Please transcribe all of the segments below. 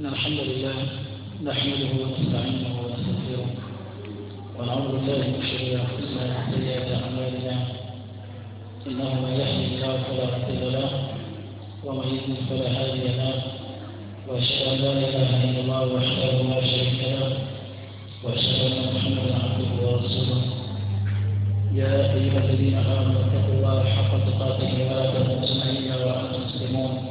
إن الحمد لله نحمده ونستعينه ونستغفره ونعوذ بالله من شرور أنفسنا وسيئات أعمالنا إنه من يحمي الله فلا مضل له ومن يضلل فلا هادي له وأشهد أن لا إله إلا الله وحده لا شريك له وأشهد أن محمدا عبده ورسوله يا أيها الذين آمنوا اتقوا الله حق تقاته ولا تموتن إلا وأنتم مسلمون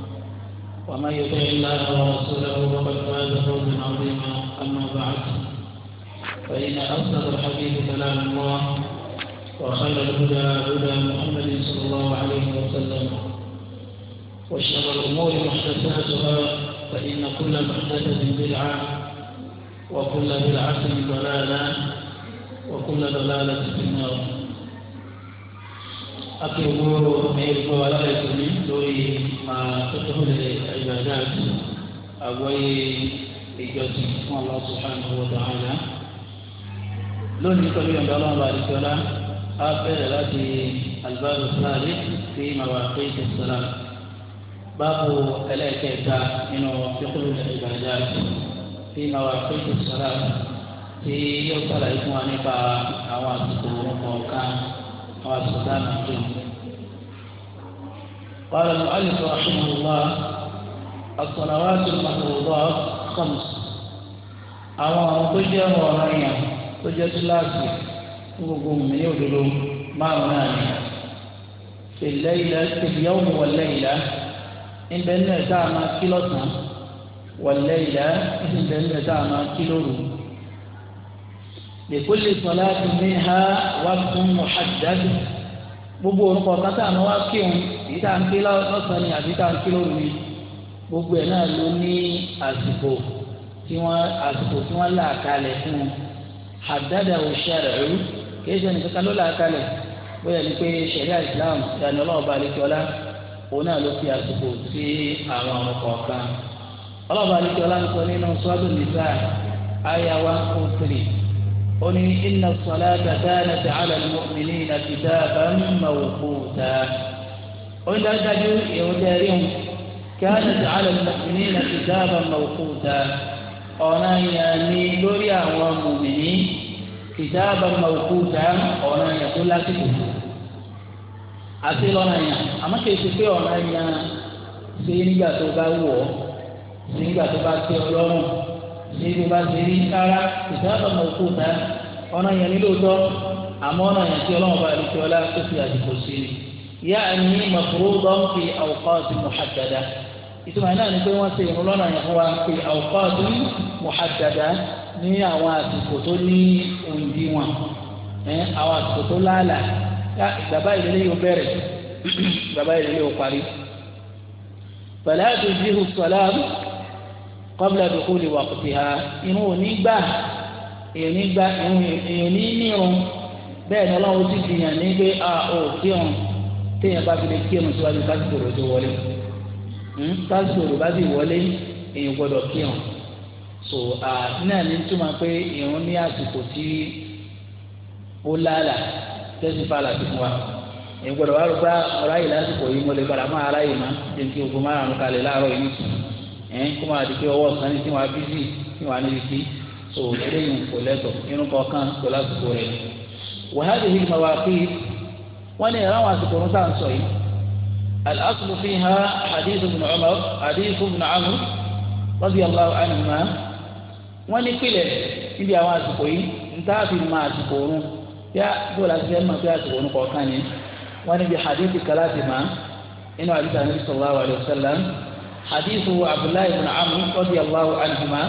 ومن يطع الله ورسوله فقد فاز فوزا عظيما اما بعد فان اصدق الحديث كلام الله وخير الهدى هدى محمد صلى الله عليه وسلم وشر الامور محدثاتها فان كل محدثه بدعه وكل بدعه ضلاله وكل ضلاله في النار أكبر ميكو ولا يكوني لوي تتحول العبادات أوي إجازي الله سبحانه وتعالى لوني كبير عند الله بارك ولا أبدا لدي الباب الثالث في مواقيت الصلاة باب الأكيتا إنه يقول العبادات في مواقيت الصلاة في يوصل إخواني فأواسكم وقوكا قال سلام الدين قال المؤلف رحمه الله الصلوات المفروضات خمس أمام رضية ورعية رضية ثلاثية وقوم من يدلو ما هنالك في الليلة في اليوم والليلة إن بين دعما كيلوتنا والليلة إن بين دعما كيلوتنا lèkólè sọlá tó ní ha wá fún mọ̀ṣáàdìdájú gbogbo orúkọ kátà ni wá kí òun èyí tá à kí lọ́sàn ni àbí tá kí gbogbo ẹ̀ náà ló ní àsìkò tí wọ́n àsìkò tí wọ́n là kalẹ̀ fún un òṣèré rú nìkan ló là bóyá ni pé Islam ìyànà ọlọ́ọ̀bá alẹ́kíọ́lá òun náà ló fi àsìkò sí àwọn ọlọ́ọ̀bá alẹ́kíọ́lá ń sọ nínú sọ́dún oni inna salata kanat ala al-mu'minina kitaban mawquta ó dájú ìwọ tẹ̀rí ń kanat ala al-mu'minina kitaban mawquta ọ̀nà yẹn ni lórí àwọn mùmìnì kitaban mawquta ọ̀nà yẹn tó lásìkò àti lọ́nà yẹn àmọ́ kìí ṣe pé ọ̀nà yẹn ṣe nígbà tó bá wù ọ́ ṣe nígbà tó bá tẹ́ ọ lọ́rùn èyí bá ti rí rárá ìsáàbà mọ̀kú ta ọ̀nà yẹn nílò tọ́ àmọ́ ọ̀nà yẹn tí ọlọ́run bá rí tí ọlá tó fi àsìkò sí i yá àní mọ̀kúrú lọ́n fi awqati muhaddada ìtumọ̀ náà ni pé wọ́n ṣe ìrún lọ́nà yẹn fún wa fi awqati muhaddada ní àwọn àsìkò tó ní òǹdí wọn àwọn àsìkò tó láàlà bàbá ìdílé yóò bẹ̀rẹ̀ bàbá ìdílé yóò parí kọ́bílà dùkú lè wà kùtì ha irun ò ní gbà èèyàn ní gbà èèyàn ní nírun bẹ́ẹ̀ ni ọlọ́run ti fi hàn ní pé a ò kírun téèyàn bá fi lè kírun síwájú kásìkòrò tó wọlé hmm? kásìkòrò bá sì wọlé èèyàn gbọ́dọ̀ kírun so náà ní túmọ̀ pé irun ní àsìkò tí ó lálà tẹ́sí fàlà ti fún wa èèyàn gbọ́dọ̀ wá rúgbà ọ̀ráyè lásìkò yìí mo lè padà mọ́ aráyè má jẹ́ ogun márùn-ún kalẹ̀ láàárọ̀ yìí nìkan. ẹ̀ ń kó máa di pé ọwọ́ kan ní tí wọ́n á bí sí tí wọ́n á níbi sí so eléyìí kò lẹ́tọ̀ irun kọ̀ọ̀kan kò lásìkò rẹ̀ wàhálà yìí máa wá pé wọ́n ní ìran àwọn àsìkò ọ̀run ń sọ yìí al-aslu fiha hadith ibn Umar hadith ibn Amr radiyallahu anhuma wọ́n ní pìlẹ̀ níbi àwọn àsìkò yìí fi àsìkò yá bó máa hadithu abdullahi ibn amr radiyallahu anhuma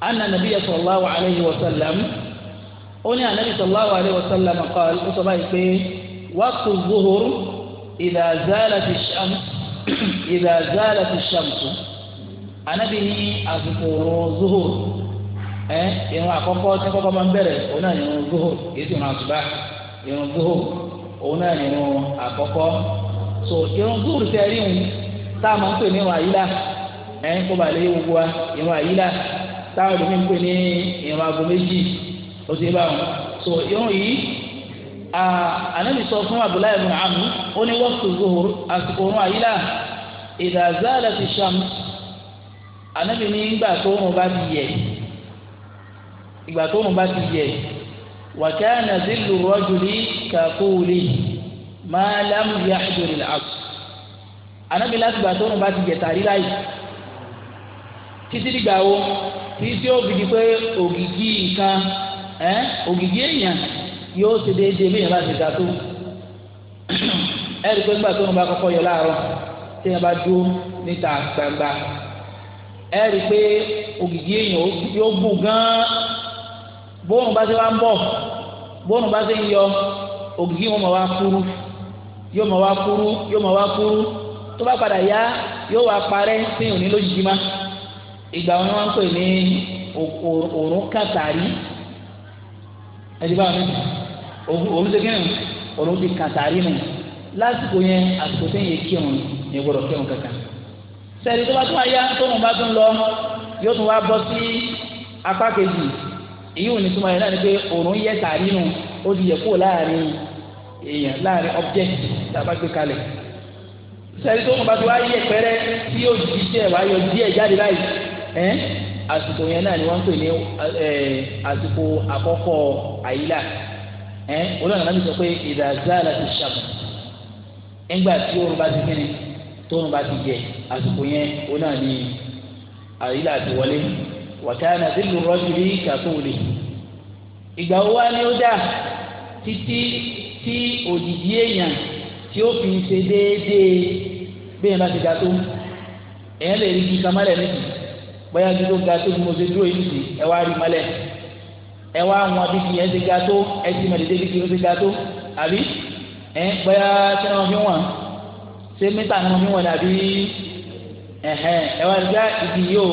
anna nabiya sallallahu alayhi wa sallam ó ní anabi sallallahu alayhi wa sallam qaal ó sọ báyìí pé waqtu zuhur idha zalat ash-shams idha zalat ash-shams anabi ní àsìkò zuhur ẹ irun àkọ́kọ́ tí kọ́kọ́ máa ń bẹ̀rẹ̀ òun náà irun zuhur yìí ti ràn àtúbà irun zuhur òun náà irun àkọ́kọ́ so irun zuhur tẹ́ rí wọn tá a máa ń pè ní ìrun àyílà ẹ̀ ń kó ba lè gbogbo wa ìrun àyílà táwọn ẹlòmíín pè ní ìrun aago méjì ó ti bá wọn so ìrun yìí anabi sọ fún abdullahi ibn amu ó ní waqtu zuhur àsìkò ìrun àyílà idha zalati shams anabi ní ìgbà tó ń bá ti yẹ ìgbà tó ń bá ti yẹ wa kana zillu rajuli kakuli ma lam anabi láti gbà tóun bá ti jẹ tàrí láyìí títí dìgbà wo títí tí ó fi di pé ògìgì nǹkan ẹ ògìgì èèyàn yóò ṣe déédéé bí èèyàn bá ti ga tó ẹ rí i pé nígbà tóun bá kọ́kọ́ yọ láàárọ̀ tí èèyàn bá dúró níta gbangba ẹ rí i pé ògìgì èèyàn yóò bù gan bóun bá ṣe wá ń bọ̀ bóun bá ṣe ń yọ ògìgì wọn máa wá kúrú yóò máa wá kúrú yóò máa wá kúrú tó bá padà yá yóò wá parẹ́ sí òní lójijì má ìgbà wọn wọn pè ní òórùn kàtàrí ẹdí báwọn òórùn ti kírun òórùn ti kàtàrí nù lásìkò yẹn àsìkò tó yẹ kírun ní gbọ́dọ̀ kírun kankan sẹ́ni tó bá tún ayá tó nù bá tún lọ yóò tún wá bọ́ sí apá kejì èyí ò ní túmọ̀ yẹn náà ni pé òórùn yẹ tàrí nù ó ti yẹ kó láàrin èèyàn láàrin object tàbá gbé kalẹ̀ sẹ́ni tó ń bá tó wáyé ẹ̀pẹ́rẹ́ tí yóò di díẹ̀ wáyọ díẹ̀ jáde báyìí ẹ́ àsìkò yẹn náà ni wọ́n ń pè ní àsìkò àkọ́kọ́ àyílà ẹ́ olóòrùn náà mi sọ pé ìdàzáàlà ti ṣàmù ńgbà tí oòrùn bá ti kíni tóòrùn bá ti jẹ àsìkò yẹn òun náà ni àyílà ti wọlé wàtáyà ti lù rọ́ọ̀tì bí kàtó wòlé ìgbà wo wá ni ó dà títí tí òjijì èèyàn tí ó fi ṣe déédéé bí yẹn bá ti ga tó èèyàn lè rí ju kamalẹ̀ níbi bóyá ju tó ga tó bí mo ṣe dúró yìí sí ẹ wá rí malẹ̀ ẹ wá wọn bí kìí ẹ ti ga tó ẹ ti mọ̀ déédéé bí kìí ó ti ga tó àbí ẹ bóyá tí wọn fi wọn ṣé mítà ni wọn fi wọn dàbí ẹ̀hẹ́n ẹ wá rí gbá ìdí yìí o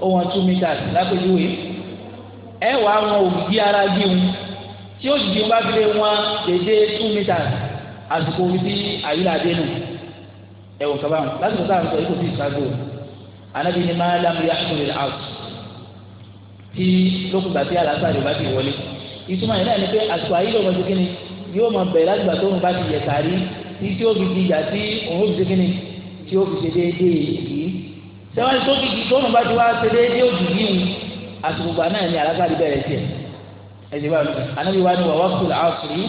ó wọn two meters lápèjúwe ẹ wàá wọn òbí ara bí wọn tí ó sì àsìkò omi tí àyílà dé nù ẹ̀wọ̀n kaba wọn lásìkò táwọn sọ ikú fi ìsago anabi ni máa lámú yá sórí àwù tí lókùgbà tí alásàdì bá ti wọlé ìtumọ̀ yìí náà ni pé àsìkò àyílà ọmọ tó kíni yóò máa bẹ̀rẹ̀ látìgbà tó ń bá ti yẹ sàárì tí tí ó fi di ìyà tí òun ó fi ṣe kíni tí ó fi ṣe déédéé yìí sẹ́wọ́n tó di tóun bá ti wá ṣe déédéé òjì yìí àsìkò gbà náà ni alásàdì bẹ̀rẹ̀ tiẹ̀ ẹ̀sìn báyìí anabi wa ni wà wá sùn àṣírí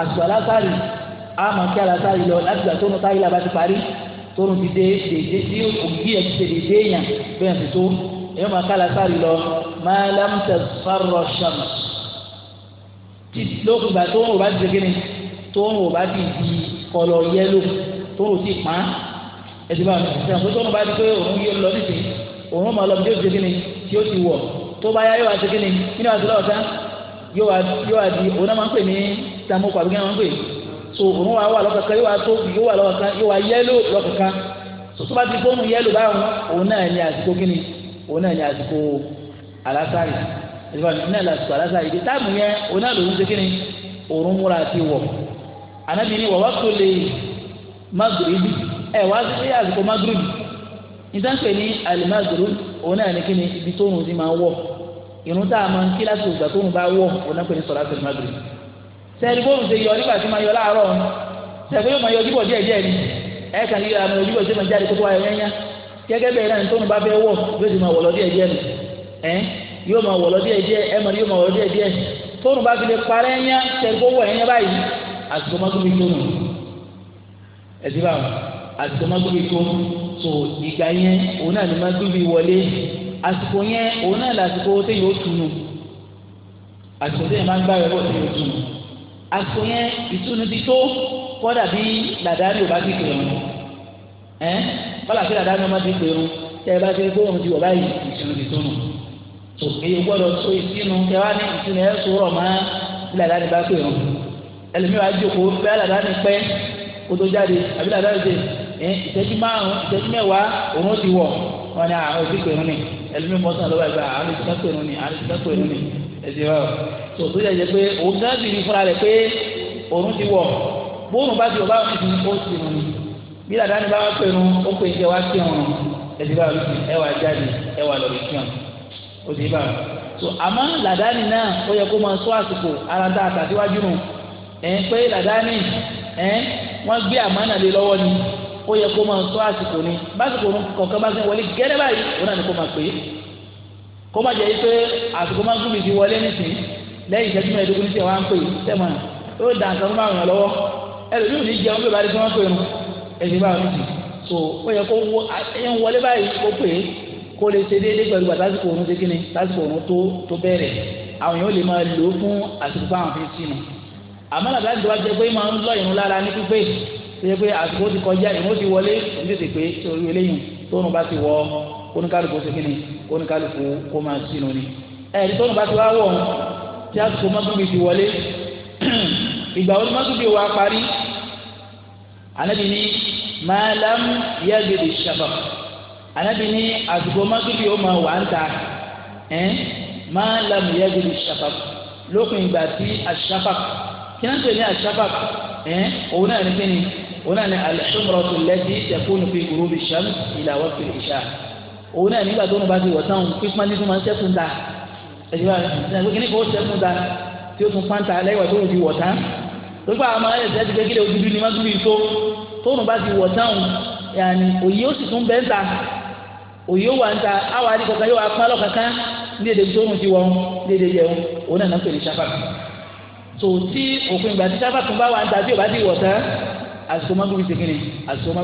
àsìkò alásàdì a máa kí alásàrì lọ láti gbà tóun táyì làbá ti parí tóun ti dé dèdè tí òkìkí yẹn ti ṣe dèdè èèyàn bẹ́ẹ̀ ti tó èèyàn máa kí alásàrì lọ máa lámùtẹ̀ fárọ̀ ṣàmù tí lókun gbà tóun ò bá ti ṣègbè ni tóun ò bá ti di kọlọ yẹlò tóun ò ti pa ẹ̀sìn bá ṣẹ̀yìn pé tóun bá ti pé òun yóò lọ nísìnyí òun máa lọ bí ó ti ṣègbè ni tí ó ti wọ̀ tó bá yá yóò wá ṣègbè ni nínú àti lọ́ọ̀tán yóò wá di òun náà máa ń pè ní so òun wa wà lọ́kọ̀ọ̀kan yóò wá tóbi yóò wà lọ́kọ̀ọ̀kan yóò wá yẹ́lò lọ́kọ̀ọ̀kan so tó bá ti fóònù yẹ́lò báwọn òun náà ní àsìkò kíni òun náà ní àsìkò alásàrì ìfọ̀n náà lásìkò alásàrì ìdí táàmù yẹn òun náà lòun ṣe kíni òun múra àti wọ̀ ànábi ni wọ́n wá tó lè magrebi ẹ̀ wá sí àsìkò magrebi ìtànkè ní alimagrebi òun náà ní kíni ibi tóun ti máa wọ̀ ìrún táà máa ń kí lásìkò ìgbà tóun bá wọ̀ òun náà pè ní sọ̀rọ̀ àti magrebi sẹ́ni bóun ṣe yọ nígbà tí máa yọ láàárọ̀ sẹ́ni yóò máa yọ ojúbọ̀ díẹ̀ díẹ̀ ni ẹ̀ kàn yíra àwọn ojúbọ̀ tí máa jáde kókó ayọ̀ yẹn gẹ́gẹ́ bẹ́ẹ̀ náà tóun bá fẹ́ wọ̀ yóò ti ma wọ̀ lọ díẹ̀ díẹ̀ ni ẹ̀ yóò máa wọ̀ lọ díẹ̀ díẹ̀ ẹ̀ mọ̀ ni yóò máa wọ̀ lọ díẹ̀ díẹ̀ tóun bá fi lè parẹ́ yẹn sẹ́ni kó wọ̀ yẹn báyìí àsìkò mọ́tòmí tó nù ẹ̀sìn báwọn àsìkò so ìgbà yẹn òun náà ni mọ́tòmí wọlé àsìkò yẹn òun náà làsìkò máa ń gbá ẹ̀rọ téyìn ó tunu àsìkò yẹn ìtúnu ti tó kọ́dà bí làdáni ò bá ti pèrò ẹ́ kọ́dà bí làdáni ò bá ti pèrò tẹ́ ẹ bá ti gbé ohun ti wọ̀ báyìí ìtúnu ti tó nù tó èyí gbọ́dọ̀ tó ìtúnu tẹ́ wá ní ìtúnu ẹ̀ sọ̀rọ̀ mọ́ bí làdáni bá pèrò ẹlòmíràn á jókòó bí làdáni pẹ́ kótó jáde àbí làdáni dé ẹ ìtẹ́jú márùn ìtẹ́jú mẹ́wàá òun ó ti wọ̀ wọn ni àwọn òbí pèrò ni ẹlòmíràn mọ́tò àlọ́ ẹsẹ wa tó tó yẹ pé òun gán bìrì fúnra rẹ̀ pé òun ti wọ̀ bóun bá ti wọ̀ báwọn ti ó ti rùn ní bí làdáni bá wà pé irun ó pè jẹ wá sí irun ẹsẹ wa ẹ wà jáde ẹ wà lọ ìkíyàn ó ti bá tó àmọ́ làdáni náà ó yẹ kó máa sọ àsìkò ara tá a tàsíwájú nù ẹ pé làdáni ẹ wọn gbé àmánà lé lọ́wọ́ ni ó yẹ kó máa sọ àsìkò ni básìkò kọ̀ọ̀kan bá ti wọlé gẹ́rẹ́ báyìí ó náà ní kó máa pè é kó má jẹ́ yí pé àsìkò máa ń gún mi ti wọlé nísìnyí lẹ́yìn ìṣẹ́jú mẹ́ẹ̀ẹ́dógún ní sẹ́wọ́n á ń pè sẹ́wọ̀n yóò dà nǹkan máa ràn lọ́wọ́ ẹlòmíràn ní jẹun bí balẹ̀ tí wọ́n pè nu ẹ̀sìn báwọn nìyí so ó yẹ kó ń wọlé báyìí kó pè é kó lè ṣe déédéé pẹ̀lú gbà lásìkò òun ṣe kí ni lásìkò òun tó tó bẹ̀rẹ̀ àwọn yóò lè máa lò ó fún àsìkò báwọn fi sínú àmọ́ làbá ti wá jẹ pé máa ń lọ ìrún lára ní pípé ṣe yẹ pé àsìkò ti kọjá ìrún ti wọlé ìdí oníkálukú kó máa sínú ni ẹ̀rí tọ́nu bá ti wá wọ̀ tí àsìkò mọ́tòkì ti wọlé ìgbà wo ni mọ́tòkì wà parí anabi ni maalam yagidi shabab anabi ni àsìkò mọ́tòkì ó máa wà ń ta ẹ̀ maalam yagidi shabab lópin ìgbà tí ashabab kí náà tẹ̀lé ashabab ẹ̀ òun náà ní kíni òun náà ní alṣumratu lẹ́tí tẹ̀kúnù fi gurubi shams ìlà waqti ìṣá òun náà nígbà tó ń bá ti wọ̀ táwọn pípọ́n ní tó máa ń sẹ́kùn ta ẹ̀jẹ̀ bá kíní kò sẹ́kùn ta tí ó tún pàǹtà lẹ́yìn tó ń fi wọ̀ tán lórí àwọn ọmọ ẹ̀sẹ̀ ti kékeré òdúdú ni mọ́tò ìtó tóun bá ti wọ̀ táwọn yàní òye ó sì tún bẹ́ ta òye ó wà ń ta àwọn àdìgbò kan yóò wá pálọ̀ kankan ní èdè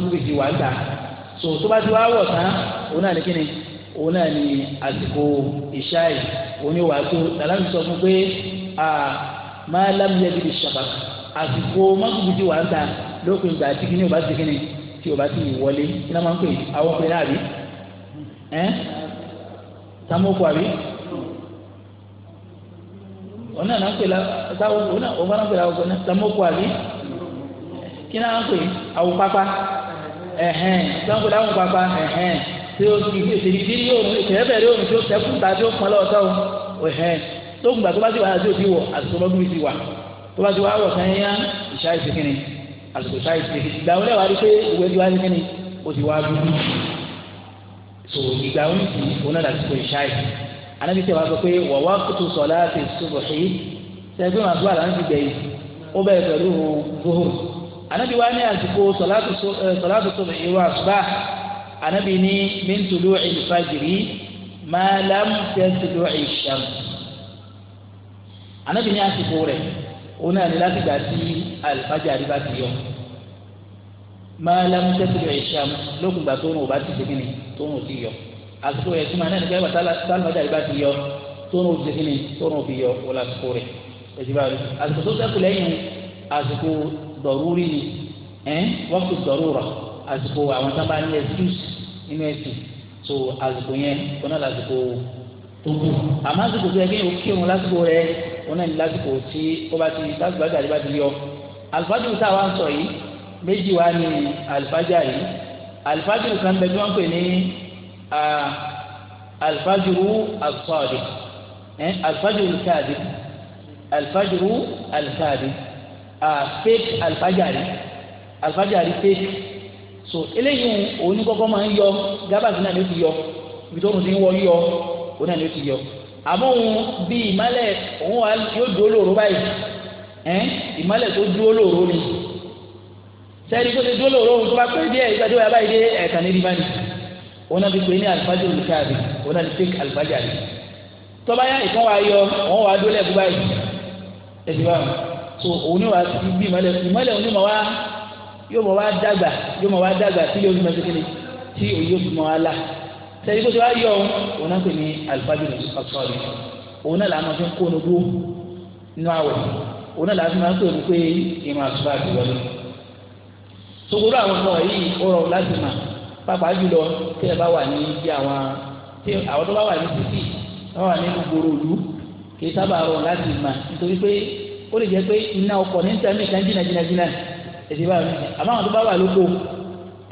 tóun ń so tó bá ti wá wọ̀ tán òun náà ní kíni òun náà ní àsìkò ìṣáì òun yóò wá tó tàlá mi sọ fún pé a máa lámìlẹ̀ bíi ṣàbàk àsìkò mọ́tòkù ti wà ń ta lópin ìgbà tí kíni ò bá ti kíni tí ò bá ti wọlé kí náà máa ń pè àwọn ọkùnrin náà rí ẹ́ tamoko àbí òun náà ń pè la táwọn òun náà ń pè la tamoko àbí kí náà ń pè àwọn pápá ẹ̀hẹ́n sango làwọn pàpà ẹ̀hẹ́n tí o ti ìṣèlú tí yóò mú ìṣẹ̀lẹ̀bẹ̀ yóò mú tí o sẹ́kù tàbí o kàn lọ́wọ́ sọ́wọ́ ẹ̀hẹ́n tó gbà tó bá ti wà láti òbí wọ̀ àsìkò lọ́dún mi ti wà tó bá ti wà wọ̀ sẹ́yìn yá ìṣá ìṣèkínni àsìkò ìṣá ìṣèkínni ìgbà wọn lẹ́wàá rí pé ìwé ti wá ní kínni o ti wá dúdú so ìgbà wọn ti òun náà lásìkò ìṣá ìṣ anabi tẹ wàá sọ pé wà wá kutu sọlá ti sọbọ ṣe sẹgbẹ́ màgbọ́ anabi wa ní àsìkò sọ̀látù sọ̀rọ̀ ìwà àṣùbà anabi ní min tulu'i al-fajri ma lam tatlu'i ash-shams anabi ní àsìkò rẹ̀ ó náà ní láti gbà tí al-fajri bá ti yọ ma lam tatlu'i ash-shams lókun gbà tó ń wò bá ti ṣe kíni tó ń ti yọ àsìkò rẹ̀ tí ma náà nígbà tí al-fajri bá ti yọ tó ń wò ti ṣe kíni fi yọ ó lásìkò rẹ̀ ẹ̀sìn báyìí àsìkò tó sẹ́kù lẹ́yìn àsìkò dọ̀rúrí ni ẹ̀ wọ́pù dọ̀rúra àsìkò àwọn tó bá ní excuse nínú ẹ̀sìn so àsìkò yẹn kò náà lásìkò tó kù àmọ́ àsìkò tó yẹ kí yẹn kí òun lásìkò rẹ òun náà ní lásìkò tí ó bá ti lásìkò àti bá ti yọ àlùfáàjù tá a wá ń sọ yìí méjì wá ní àlùfáàjà yìí àlùfáàjù kan bẹ tí wọ́n pè ní àlùfáàjù àsọ̀dì àlùfáàjù alkaadi àlùfáàjù alkaadi fake alifajari alifajari fake so eléyìí òun ní kọ́kọ́ máa ń yọ gábàsì náà ló ti yọ ibi tó ń ti ń wọ yọ òun náà ló ti yọ àmọ́ òun bí ìmálẹ̀ òun wà yóò dúró lóru báyìí ẹ̀ ìmálẹ̀ tó dúró lóru ni sẹ́ni tó ti dúró lóru òun tó bá pẹ́ díẹ̀ ìgbà tó bá báyìí dé ẹ̀ẹ̀kan ní rìbá òun náà fi pè ní alifajari olùkàdì òun náà ti fake alifajari tọ́ba yá ìkan yọ òun wà dúró lẹ́ẹ̀kú báyìí ẹ̀ so òun ni wà á ti bí ìmọ̀lẹ̀ ìmọ̀lẹ̀ òun ni mà wá yóò mọ̀ wá dàgbà yóò mọ̀ wá dàgbà tí yóò fi mọ̀ sékele tí òun yóò fi mọ̀ wá la sẹ́yìn kó ti wá yọ òun òun náà pè ní alifájú ní ọ̀sọ́ọ̀rì òun náà làwọn fi ń kó nogó nínú àwẹ̀ òun náà làwọn fi máa ń pè ní ìmọ̀ àtúbà ti wọlé sogoro àwọn ọmọ yìí ó rọrùn láti mà pàápàá jùlọ tí ẹ bá wà ní bí àwọn tí àwọn tó bá wà ní títì wọ́n wà nínú gbòòrò òlu kì í sábà rọrùn láti mà nítorí pé ó lè jẹ́ pé iná ọkọ̀ ní tẹ́lẹ̀ kan jìnnà jìnnà jìnnà èdè bá mi àmọ́ àwọn tó bá wà lóko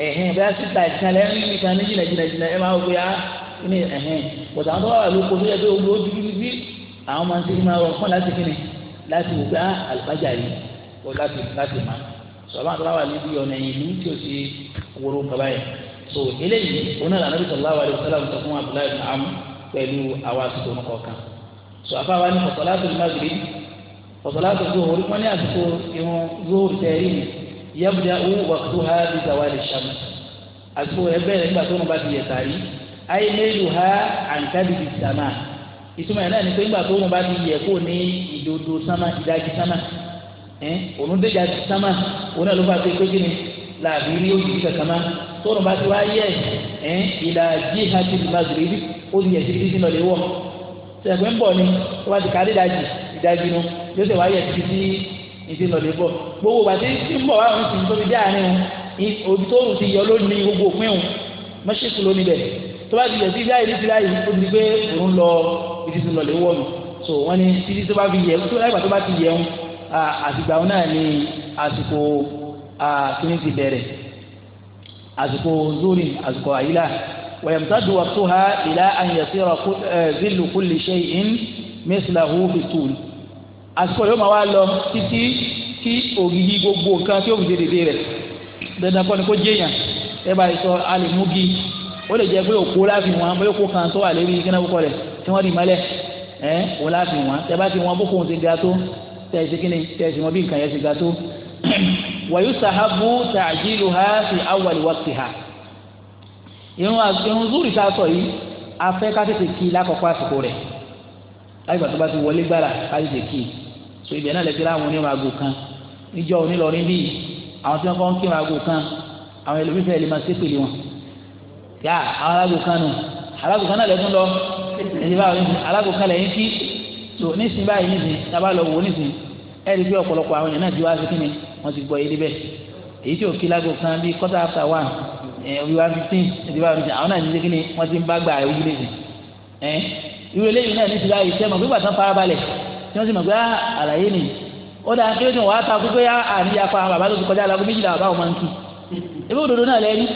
ẹ̀hẹ́n bẹ́ẹ̀ síta ìkànnì ẹ̀rín nìkan ní jìnnà jìnnà jìnnà ẹ̀ máa wọ ya ah, ní ẹ̀hẹ́n bọ̀dà àwọn tó bá wà lóko tó yẹ pé olú ojú bíbí àwọn máa ń tẹ́lẹ̀ máa rọrùn fún láti fi ni láti wò pé ah, àlùbájà yìí ó láti láti má sọlá àwọn tó bá wà níbi ọ̀nà yìí ní tí o ti wúro kaba yẹn so eléyìí oní àlànàbí sallallahu alaihi wasallam ọ̀sọ̀láàtò zuhuri wọ́n ní àsìkò irun zuhuri tẹ̀rí mi yẹ́bùdá owó wàkútù ha bí zawali sàmù àsìkò ẹ bẹ̀rẹ̀ nígbà tó ń bá ti yẹ sàrí ayé mélòó ha àǹkábì bí sàmà ìtumọ̀ yẹn náà ni pé nígbà tó ń bá ti yẹ kó ní ìdodo sàmà ìdajì sàmà ẹ̀ òun déjà sàmà òun náà ló bá ti pé kí ni làbí rí òjì kankan má tó ń bá ti wá yẹ ẹ̀ ìlàjì hàtì magrebi ó ti yẹ títí sí lọ́lẹ́wọ́ sẹ̀gbẹ́ ń bọ̀ ni tó bá ti kárí ìdajì ìdajì nu yóò tẹ̀ wá yẹ ti ti ìdí lọ́dẹ bọ̀ gbogbo bàtí tí ń bọ̀ wá òun sì ń tóbi dé àárín òun òbí tó òun ti yọ lónìí gbogbo òpin òun mọ́ṣíkù lónìí bẹ̀ tó bá ti yẹ sí láì ní ti láì ó ti gbé òun lọ ìdí tó lọ́dẹ wọ̀ nù so wọ́n ní títí tó bá fi yẹ tó láìpẹ́ tó bá ti yẹ òun àtìgbà òun náà ní àsìkò kíní ti bẹ̀rẹ̀ àsìkò zuri àsìkò àyílà ويمتد وقتها إلى أن يصير ظل كل شيء مثله بالطول àsìkò yóò máa wá lọ títí tí ògìgì gbogbo nǹkan tí ó fi dédé rẹ̀ dandan kọ́ni kó jẹ́yàn ẹ bá sọ alìmúgi ó lè jẹ́ pé òkú láàfin wọn bóyá òkú kan tó wà lérí kí náà kókó rẹ̀ tí wọ́n di mọ́lẹ̀ ẹ̀ òun láàfin wọn tẹ bá ti wọn bókun ti ga tó tẹ̀sí kí ni tẹ̀sí wọn bí nǹkan yẹn ti ga tó. wàyú sàhábù tàjílù ha sí awàlúwàkì ha irun irun zúrì tá a sọ yìí afẹ́ ká tètè kí i lákọ̀ọ́kọ́ àsìkò rẹ̀ láìpẹ́ tó bá ti wọlé gbára ká tètè kí i so ibẹ̀ náà lẹ́sẹ̀ láwọn onírun aago kan níjọ́ onílọrin bíi àwọn tí wọ́n kọ́ ń kírun aago kan àwọn ẹlòmíín fẹ́ẹ́ lè máa ṣépèlé wọn yá àwọn aago kan nù aago kan náà lẹ́tún lọ ẹ̀sìn báwo ní aago kan lẹ́yìn kí so nísìnyí báyìí nísìnyí tá a bá lọ wò nísìnyí ẹ̀rí pé ọ̀pọ̀lọpọ̀ àwọn èèyàn náà ti wá sí kíni wọ́n ti gbọ́ Eh, wíwá fifteen ìdíbà fifteen àwọn náà ti dégé ni wọ́n ti ń bá gbà ewu lé ní ẹ irú eléyìí náà ní ti báyìí sẹ́mọ̀ gbígbà tán farabalẹ̀ tí wọ́n sì mọ̀ pé ah, àlàyé nìyí ó dáa kí ló dùn wàá ta kó pé ah, àníyá pa bàbá tó ti kọjá lago méjìlá bàbá wọn máa ń kí ebi òdodo náà lẹ́yìn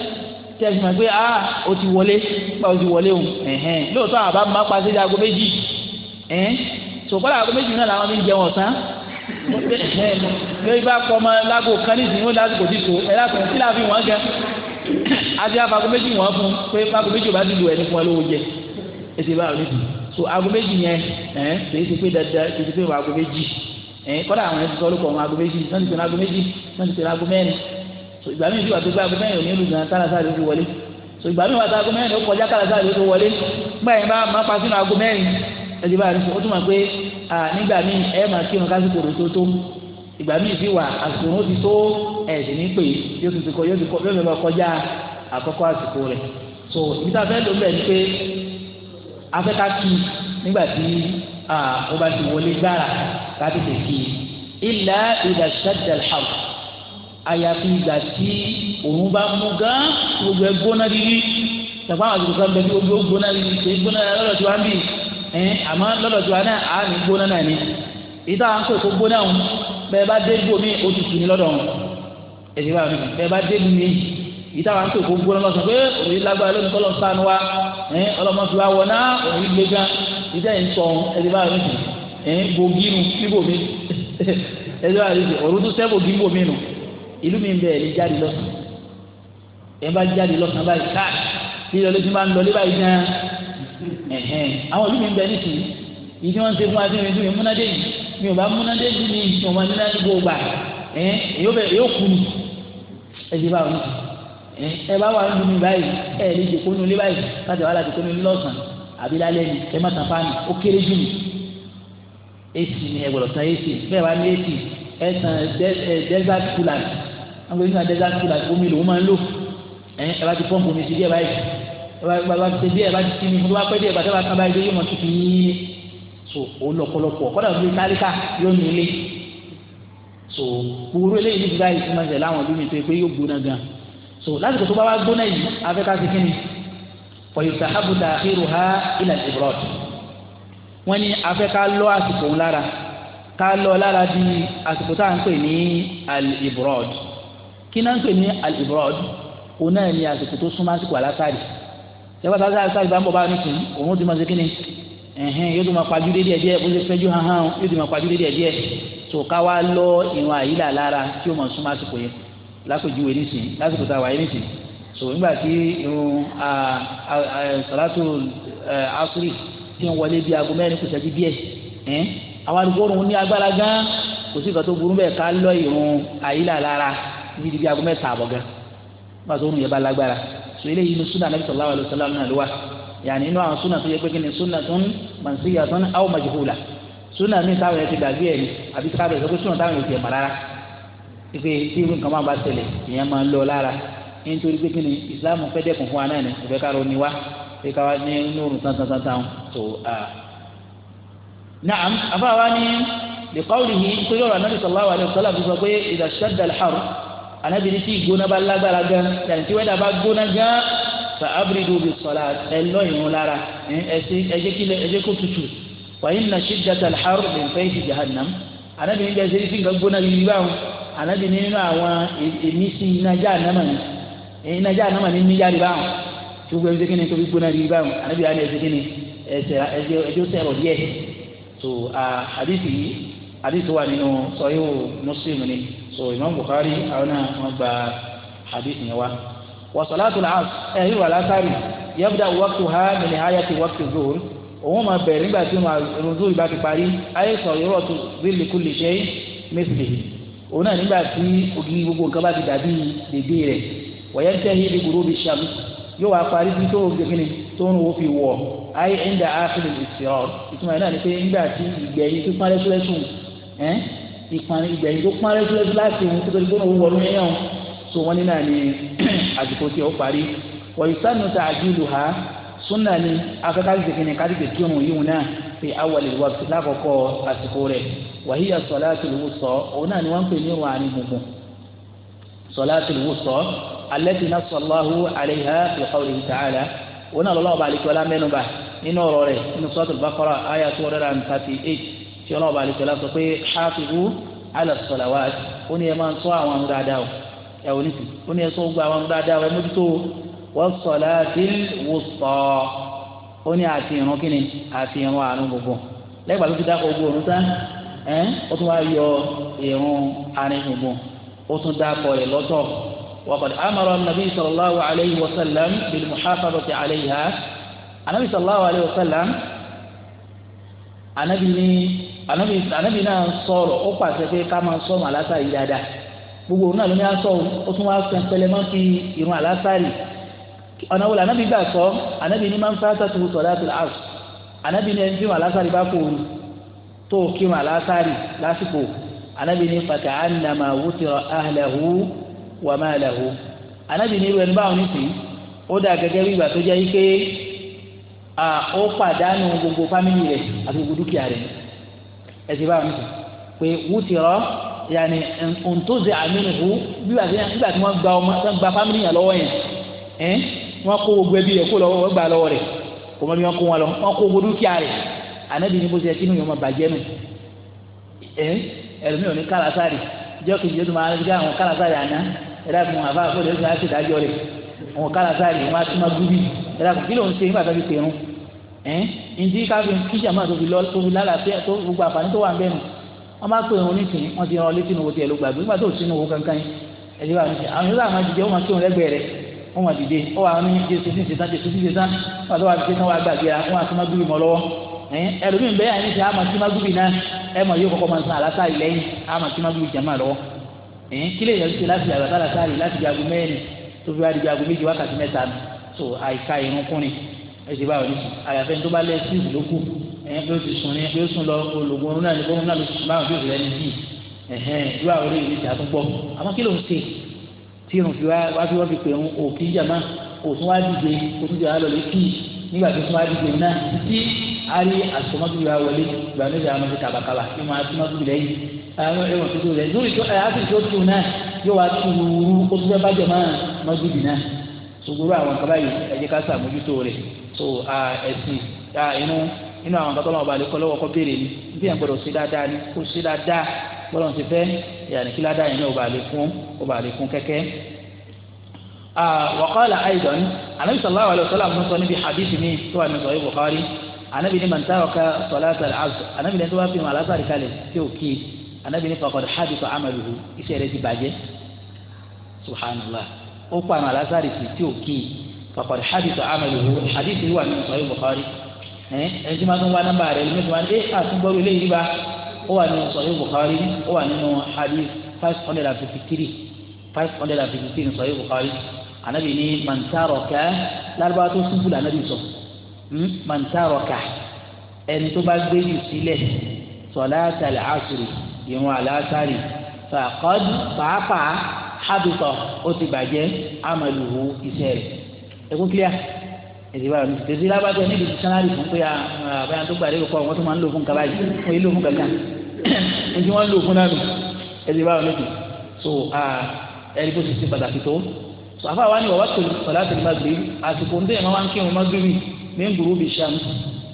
tí a sì mọ̀ pé ah o ti wọlé nígbà o ti wọlé o ẹ̀hẹ́n lóòótọ́ àbá máa pa sí lago méjì ẹ̀hẹ́n sòkòlà lago méjì náà làwọn mi ń jẹun ọ̀sán lórí bá kọ́ ọmọ lago kan nísìnyí ó lásìkò ti tó ẹ̀ láti sí láàfin wọn gan àti abago méjì wọn fún pé abago méjì bá dìbò ẹni fún ẹ lówó jẹ èsì bá wọn níbi so ago méjì yẹn ẹ kì í ṣe pé dandan kì í ṣe pé wọn ago méjì ẹ kọ́dà àwọn ẹni ti sọ lóko àwọn ago méjì náà ti tẹ̀lé ago méjì náà ti tẹ̀lé ago mẹ́rin so ìgbà míì wà tó gbé ago mẹ́rin òní ìlú gan tára sáré fi wọlé so ìgbà míì wà tó ago mẹ́rin ó kọjá tára sáré fi wọlé gbà yẹn bá má pa sínú ago mẹ́rin ìgbà míì fi wà àsìkò wọn ti tó ẹ̀ẹ́dì ní pé yóò ti kọ yóò ti kọ yóò lọ kọjá àkọ́kọ́ àsìkò rẹ̀ so ibi tá a fẹ́ lò ń bẹ̀ ni pé afẹ́ká kí nígbà tí wọ́n bá ti wọlé gbára ká tètè kí ilà ìdàṣẹ́dà hàù àyàfi ìgbà tí òun bá mú gán gbogbo ẹ gbóná dídí tàbá àwọn àtúntò kan bẹ bí gbogbo gbóná dídí ṣe gbóná lọ́dọ̀ tí wọ́n bì ẹ̀ àmọ́ lọ́dọ̀ tí wọ́n náà àá ní gbóná náà ni ìdá à ń pè kó gbóná òun bẹ́ẹ̀ bá dé bò mí o ti tì ní lọ́dọ̀ wọn èdè bá mi bẹ́ẹ̀ bá dé mi ìta wa ń tó gbogbo ọlọ́mọ sọ pé òní lágbára lónìí kọ́ ló ń sànù wa ọlọ́mọ fi wa wọ náà òní gbé gan ìta yẹn ń sọ èdè bá mi bògì nu síbò mi èdè bá mi òru tó sẹ́ bògì bò mi nù ìlú mi bẹ̀ ẹ̀ jáde lọ́sàn ẹ̀ bá jáde lọ́sàn báyìí káà kí ìlọlẹ́sìn bá ń lọ lé báyìí náà àwọn ìlú mi bẹ̀ nísìnyí yìí tí wọ́n ń ṣe fún adé mi múnadé yìí mi ò bá múnadé yìí ni ìṣòwò máa múná ní gbogbo à ẹ yóò bẹ yóò kú ẹ ti bá wọn ẹ ẹ bá wà nínú báyìí ẹ lè jòkó nínú ilé báyìí láti wàhálà jòkó nínú lọ́sàn àbí lálẹ́ ni ẹ má tàn fáànù ó kéré jù mí èsì ni ẹ gbọ́dọ̀ san èsì bẹ́ẹ̀ wá ní èsì ẹ san desert coolant àwọn ènìyàn desert coolant omi lòún máa ń lò ẹ bá ti pọ́ǹpù omi sí díẹ̀ báyìí ẹ bá ti ṣe díẹ̀ bá ti sinmi fún wa pẹ́ díẹ̀ bàtẹ́ bá kábàáyé yóò mọ̀ tuntun yín so ó lọ́pọ̀lọpọ̀ kọ́dà bí tálíkà yóò so gbogbo eléyìí ní ìdíbáyìí ti máa ń ṣẹlẹ̀ àwọn mi pé pé yóò gbóná gan so lásìkò tó bá wá gbóná yìí afẹ́ká ti kí ni fọyìntà habuta àkérò ha ilẹ̀ ìbrọ̀d wọ́n ní afẹ́ká lọ́ àsìkò ńlára ká lọ lára di àsìkò tá à ń pè ní al-ibrọ̀d kí náà ń pè ní al-ibrọ̀d òun náà ní àsìkò tó súnmọ́ àsìkò alásàrì ṣẹ́fà ẹ̀hìn yóò dùn máa pàjù dé díẹ̀ díẹ̀ bó ṣe fẹ́jú hàn hàn yóò dùn máa pàjù tó ká wá lọ ìrun àyílà lára tí ó àsìkò yẹn lásìkò tá a so nígbà tí ìrun sàlátù asúrì tí ń wọlé bí aago mẹ́rin kò ṣẹ́jú díẹ̀ ẹ̀hìn àwọn àdúgbò òun ní agbára gan kò sí ìgbà tó burú bẹ́ẹ̀ ká lọ ìrun àyílà lára aago àbọ̀ gan nígbà tó yẹn so ní sunnah sallallahu náà ló yàní inú àwọn súnà tó yẹ pé kí ni súnà tó ń mànsíyà tó ń áwọ màjúhùlà súnà mi táwọn yẹn ti gbàgbé ẹ̀ ni àbí táwọn yẹn ti súnà táwọn yẹn ti ẹ̀mà rárá ife tí irú nǹkan máa bá ṣẹlẹ̀ ìyẹn máa ń lọ lára nítorí pé kí ni Islam fẹ́ dẹ́kun fún wa náà ni kò fẹ́ káàró ni wá fẹ́ káwa ní inú òrùn tántántántán tó a. naam afáwa ni lèkọ́wùlìhì nítorí ọ̀rọ̀ anábì sallallahu alaihi wasallam fi sọ pé ìdàṣẹ́dàlhàrù anábì ní tí ìgbóná bá lágbára gan yàtí wẹ́dà bá gbóná gan fa abridu bi sọlá ẹ lọ ìrún lára ẹ jẹ́ kílẹ̀ ẹ jẹ́ kó tutù wa inna shiddatal har min fayhi jahannam anabi ní bẹ́ẹ̀ sẹ́yìn fínkà gbóná yìí báwọn anabi nínú àwọn èmísí inájà ànámà ni inájà ànámà ni níyàrí báwọn tó gbé ẹsẹ̀ kínní tó fi gbóná yìí báwọn anabi wà ní ẹsẹ̀ kínní ẹsẹ̀ ẹjọ́ sẹ̀rọ̀ díẹ̀ so àdìsí yìí àdìsí wà nínú sọ̀yìn Muslim ni so Imam Bukhari àwọn náà wọ́n gba àdìsí yẹn wá wọ̀sọ̀látù làásù ẹ̀yìn wà lásàrì yabda wọ́pù ha min hayati wọ́pù zuhur òun máa bẹ̀rẹ̀ nígbà tí irun zuhur bá ti parí ayé sọ yọrọ tó zilli kulli shay mithlihi òun náà nígbà tí ògiri gbogbo nǹkan bá ti dàbí dèdè rẹ̀ wọ̀yẹ́ tẹ́hí bí gurubi shams yóò wá parí bí tó gbẹ̀gbẹ̀ ni tó ń wo fi wọ̀ ayé ẹ̀ńdà áfíìlì ìsirọ̀ ìtumọ̀ ẹ̀ náà ni pé nígbà tí ìgbẹ̀yìn tó pálẹ́sùlẹ́sùn ìgbẹ̀yìn tó pálẹ́sùlẹ́sùn láti ohun tó tó ti gbóná so wọ́n ní náà ní àsìkò tí ó parí wọ́n ìsánú tá a júlù ha súnà ni afẹ́kárí ti kìnnìkan kárí ti kírun yìí náà fi awàlè wà fi lákòókò àsìkò rẹ̀ wàhíyà sọ̀láàtì lówó sọ òun náà ni wọ́n ń pè ní ìwà àní gbùngbùn sọ̀láàtì lówó sọ alẹ́tì náà sọ̀láhu àlẹ́hà ìkọ̀wé ìtàhálà òun náà lọ́wọ́ balẹ̀kọ́lá mẹ́nuba nínú ọ̀rọ̀ rẹ̀ nínú sọ́tùl ẹ wò nísì ó ní ẹsọ gbogbo àwọn dáadáa ẹ mójútó wọn sọlá tí wò sọ ó ní àti ìrún kíni àti ìrún àrùn gbogbo lẹ́gbàá ló ti dákọ̀ gbogbo òrùn tán ẹ ó tún wá yọ ìrún àrùn gbogbo ó tún dákọ̀ ẹ lọ́tọ̀ وقد أمر النبي صلى الله عليه وسلم بالمحافظة عليها النبي صلى الله عليه وسلم anabi ni anabi anabi náà sọ̀rọ̀ ó pàṣẹ pé ká máa sọ màlásà yìí dáadáa gbogbo òun náà ló ní aṣọ ó tún wáá san pẹlẹ mọ́ fi irun àlásàrì ọ̀nà wòlò ànábì gbà sọ ànábì ní máa ń fásitì tó sọ̀rọ̀ àti àṣù ànábì ní ẹni tí irun àlásàrì bá kò rù tó kírun àlásàrì lásìkò ànábì ní pàtà ànàmà wùtìrọ̀ àhàlẹ̀hù wàmàlẹ̀hù ànábì ní irú ẹni báwọn nìsín ó dà gẹ́gẹ́ bí ìgbà tó gbogbo fámìlì rẹ̀ àti gbogbo dúkìá rẹ̀ ẹ̀ ti báwọn nìsín pé yàní ntòzè àmínú nígbà tí wọ́n gba ọmọ tí wọ́n gba fámìlì yẹn lọ́wọ́ yẹn ẹ́ wọ́n kó gbogbo ẹbí rẹ̀ kó lọ́wọ́ wọ́n gba lọ́wọ́ rẹ̀ kò mọ̀ bí wọ́n kó wọn lọ wọ́n kó gbogbo dúkìá rẹ̀ ànábì ní bó ṣe kínú yẹn wọ́n bàjẹ́ nù ẹ́ ẹ̀rọ̀mí òní kálásárì jẹ́ kejì tó máa gbé àwọn kálásárì àná ẹ̀rọ àfihàn àfa àfọlẹ̀ ẹ̀rọ àti ìdájọ́ rẹ̀ àwọn kálásárì wọn á tún ẹ̀rọ àfihàn kí ló ń ṣe nígbà tó fi tẹ̀rùn ẹ́ ǹdí káfíń kíjà tó fi lọ́ tó fi lálàáfíà tó gbogbo àǹfààní tó wà ń bẹ́ẹ̀ nù wọ́n bá pè wọn nísìnyí wọ́n ti rán ọ létí nu wo tiẹ̀ ló gbàgbé nígbà tó sínú owó kankan yìí ẹ̀dí wa nísìnyí àwọn yóò máa dìde wọ́n máa kírun lẹ́gbẹ̀ẹ́ rẹ̀ wọ́n máa dìde ó wà ní jésù ní ìṣẹ̀tàn jésù ní ìṣẹ̀tàn wọ́n àti wà ní ìṣẹ̀tàn wà gbàgbé ra wọ́n àti má gbúbì mọ́ lọ́wọ́ ẹlòmíín bẹ́ẹ̀ àyìn ìṣẹ̀ àmọ̀ tí má gbúbì náà ẹ mọ̀ yóò kọ́kọ́ máa san àlásà ìlẹ́yìn àmọ̀ tí má gbúbì jàmá lọ́wọ́ kílẹ̀ yẹn ti láti àgbàtà àlásà rè láti jago mẹ́rin tó fi wá di jago méjì wákàtí mẹ́ta so àìka irun kúnni ẹ ti bá wọn ní àyàfẹ́ tó bá lẹ́ẹ̀ sí ìlú lókù ẹ̀yìn bí ó ti sùn ní bí ó sùn lọ olùgbò náà ní bóun náà ló sùn báwọn bí ó rẹ̀ ní bíi ẹ̀hẹ́n ìlú àwọn olóyè ìjà tó pọ̀ àmọ́ kí ló ń ṣe tí irun fi wá wá fi wọ́n fi pè ń òkè jàmá òtún wá dìde òtún jàmá lọ lè kí nígbà tó tún wá dìde náà títí àárí àtòmọ́tò yà wọlé ìgbà méjì àwọn ọmọdé kàbàkàbà kí wọ́n á tún mọ́tò lẹ́yìn àwọn ẹ̀wọ̀n tó tó rẹ̀ lórí tó ẹ̀ áfíìsì tó tù náà yóò wá tu ó tún fẹ́ bá jàmá mọ́tòdì náà ṣùgbọ́n àwọn kaba yìí ẹ jẹ́ ká ṣàmójútó rẹ̀ tó ẹ̀sìn nínú àwọn bàtọ́ lọ́wọ́ balẹ̀ kọ́ lọ́wọ́ kọ́ béèrè ni bí yẹn gbọ́dọ̀ sí dáadáa ni kó sí dáadáa gbọ́dọ̀ ti fẹ́ yàrá kí ládàá yẹn náà ó balẹ̀ fún ó balẹ̀ fún kẹ́kẹ́. wàkọ́lá àìdán anabi sallallahu alayhi wa sallam ló sọ níbi hadithi mi tó wà ní sọ̀rọ̀ Bukhari anabi ni mantaro ka sọláta al-asr anabi ni tó bá fi mọ alásàrì kalẹ̀ tí ó kí anabi ni faqad habita amaluhu iṣẹ́ rẹ̀ ti bàjẹ́ subhanallah ó pa àmọ́ alásàrì sí tí ó kí faqad habita amaluhu hadithi wà ní sọ̀rọ̀ Bukhari ẹni tí máa tún wá nọ́mbà rẹ̀ lómi tó wá dé àtúgbọ́rù ilé yìí bá ó wà nínú sọ̀rọ̀ Bukhari ó wà nínú hadith five hundred and fifty three five hundred and fifty three sọ̀rọ̀ Bukhari anabi ni mantarọ̀kà lárúbáwá tó túbú là anabi sọ hmm? mantarọ̀kà ẹni tó bá gbé jù sílẹ̀ sọ̀láàtàlẹ̀ àṣírí ìrún àlàáṣárì fàkọ́d pàápàá hábìtọ̀ ó ti bàjẹ́ amaluhu iṣẹ́ rẹ̀ ẹ̀kú kílíà èdè báyọ̀ ní tètè lábàtọ̀ ní ìdí sanari fún pé àbáyá ah, ah, tó gbà lérò kọ́ wọ́n tó máa ń lò fún kaba yìí wọ́n yìí lò fún kaba yìí èdè wọ́n ń lò fún náà nù èdè báyọ̀ ní tètè so ah, ẹni tó ti ṣe pàtàkì tó so àfa wa ni wàá tó ọ̀la tó ma gbé àsìkò ndé ma wá ń kírun ma gbé mi mi ń gbúrú bi sàm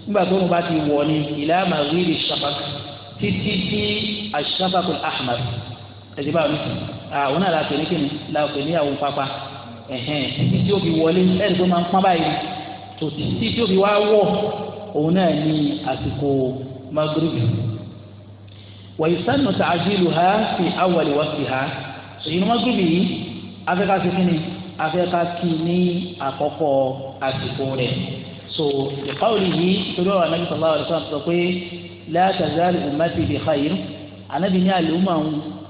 nígbà tó mo bá ti wọ̀ ni ìlà ma rí di sàfàk títí tí asàfàkùn ahmad èdè báyọ̀ ní tètè àwọn náà la pè ní kíni la pè ní àwọn pápá ẹ̀hẹ́n títí tí ó fi wọlé ẹni tó máa ń pọ́n báyìí tòsí títí tó fi wá wọ̀ òun náà ní àsìkò magrebi wàyísánù tààjìlù ha fi awàlì wá sí ha ìrun magrebi yìí afẹ́ká sí kí ni afẹ́ká kí ní àkọ́kọ́ àsìkò rẹ̀ so ìkọ́wòlì yìí torí ọ̀rọ̀ anábì sallallahu alaihi wasallam sọ pé la tazalu ummati bi khair anábì ní àlè wọn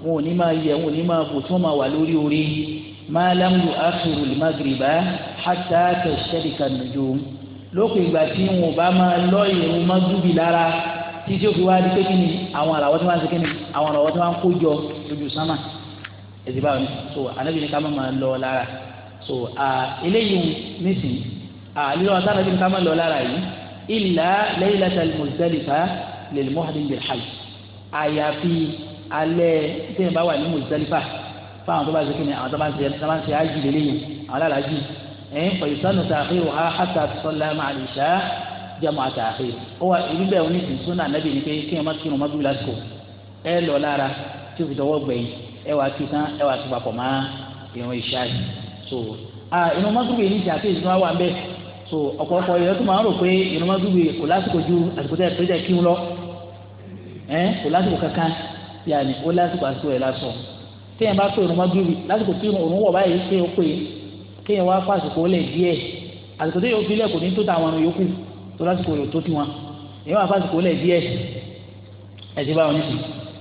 ò ní máa yẹ wọn ò ní máa bò tí wọ́n máa wà lórí orí yìí ma lam yu'akhiru al-maghriba hatta tashtarika an-nujum lópin ìgbà tí wọn bá máa lọ ìrun magribi lára títí ó fi wá di pé kí ni àwọn àràwọ̀ tí wọ́n á ṣe kí ni àwọn àràwọ̀ tí wọ́n á kó jọ lójú sánmà ẹ̀sì báwo ni so anabi ni ká má máa lọ lára so eléyìí nísìnyí lílọ́ ọ̀tá anabi ni ká má lọ lára yìí illa laylatal Muzdalifa lil muhrim bil hajj àyàfi alẹ́ tẹ́yìn wà ní Muzdalifa fáwọn tó bá ṣe kíni àwọn tó bá ń ṣe tó bá ń ṣe ájì lélẹ́yìn àwọn alálàájì ẹ̀yìn fọyìsánù tààfin wà á hàtà sọlá máa lè ṣá jẹmọ àtàfin ó wà ibi bẹ́ẹ̀ òní sì súnà nàbì ni pé kí ẹ má kírun mọ́bí lásìkò ẹ lọ lára tí o fi tọwọ́ gbẹ̀yìn ẹ wà kí tán ẹ wà kí papọ̀ má ìrún ìṣá yìí so inú mọ́tòkì yìí ní ìjà kéèjì náà wà ń bẹ̀ so ọ̀pọ̀lọpọ̀ yẹn tó máa ń rò pé inú mọ́tòkì kò lásìkò téèyàn bá pè òun mọ́gìrì lásìkò tí òun wọ̀ báyìí ṣe ó pè kéèyàn wá fún àsìkò lẹ̀ díẹ̀ àsìkò téèyàn ó fi lẹ̀ kò ní tó tàwọn yòókù tó lásìkò rẹ̀ tó ti wọn èyí wà fún àsìkò lẹ̀ díẹ̀ ẹ̀ ti bá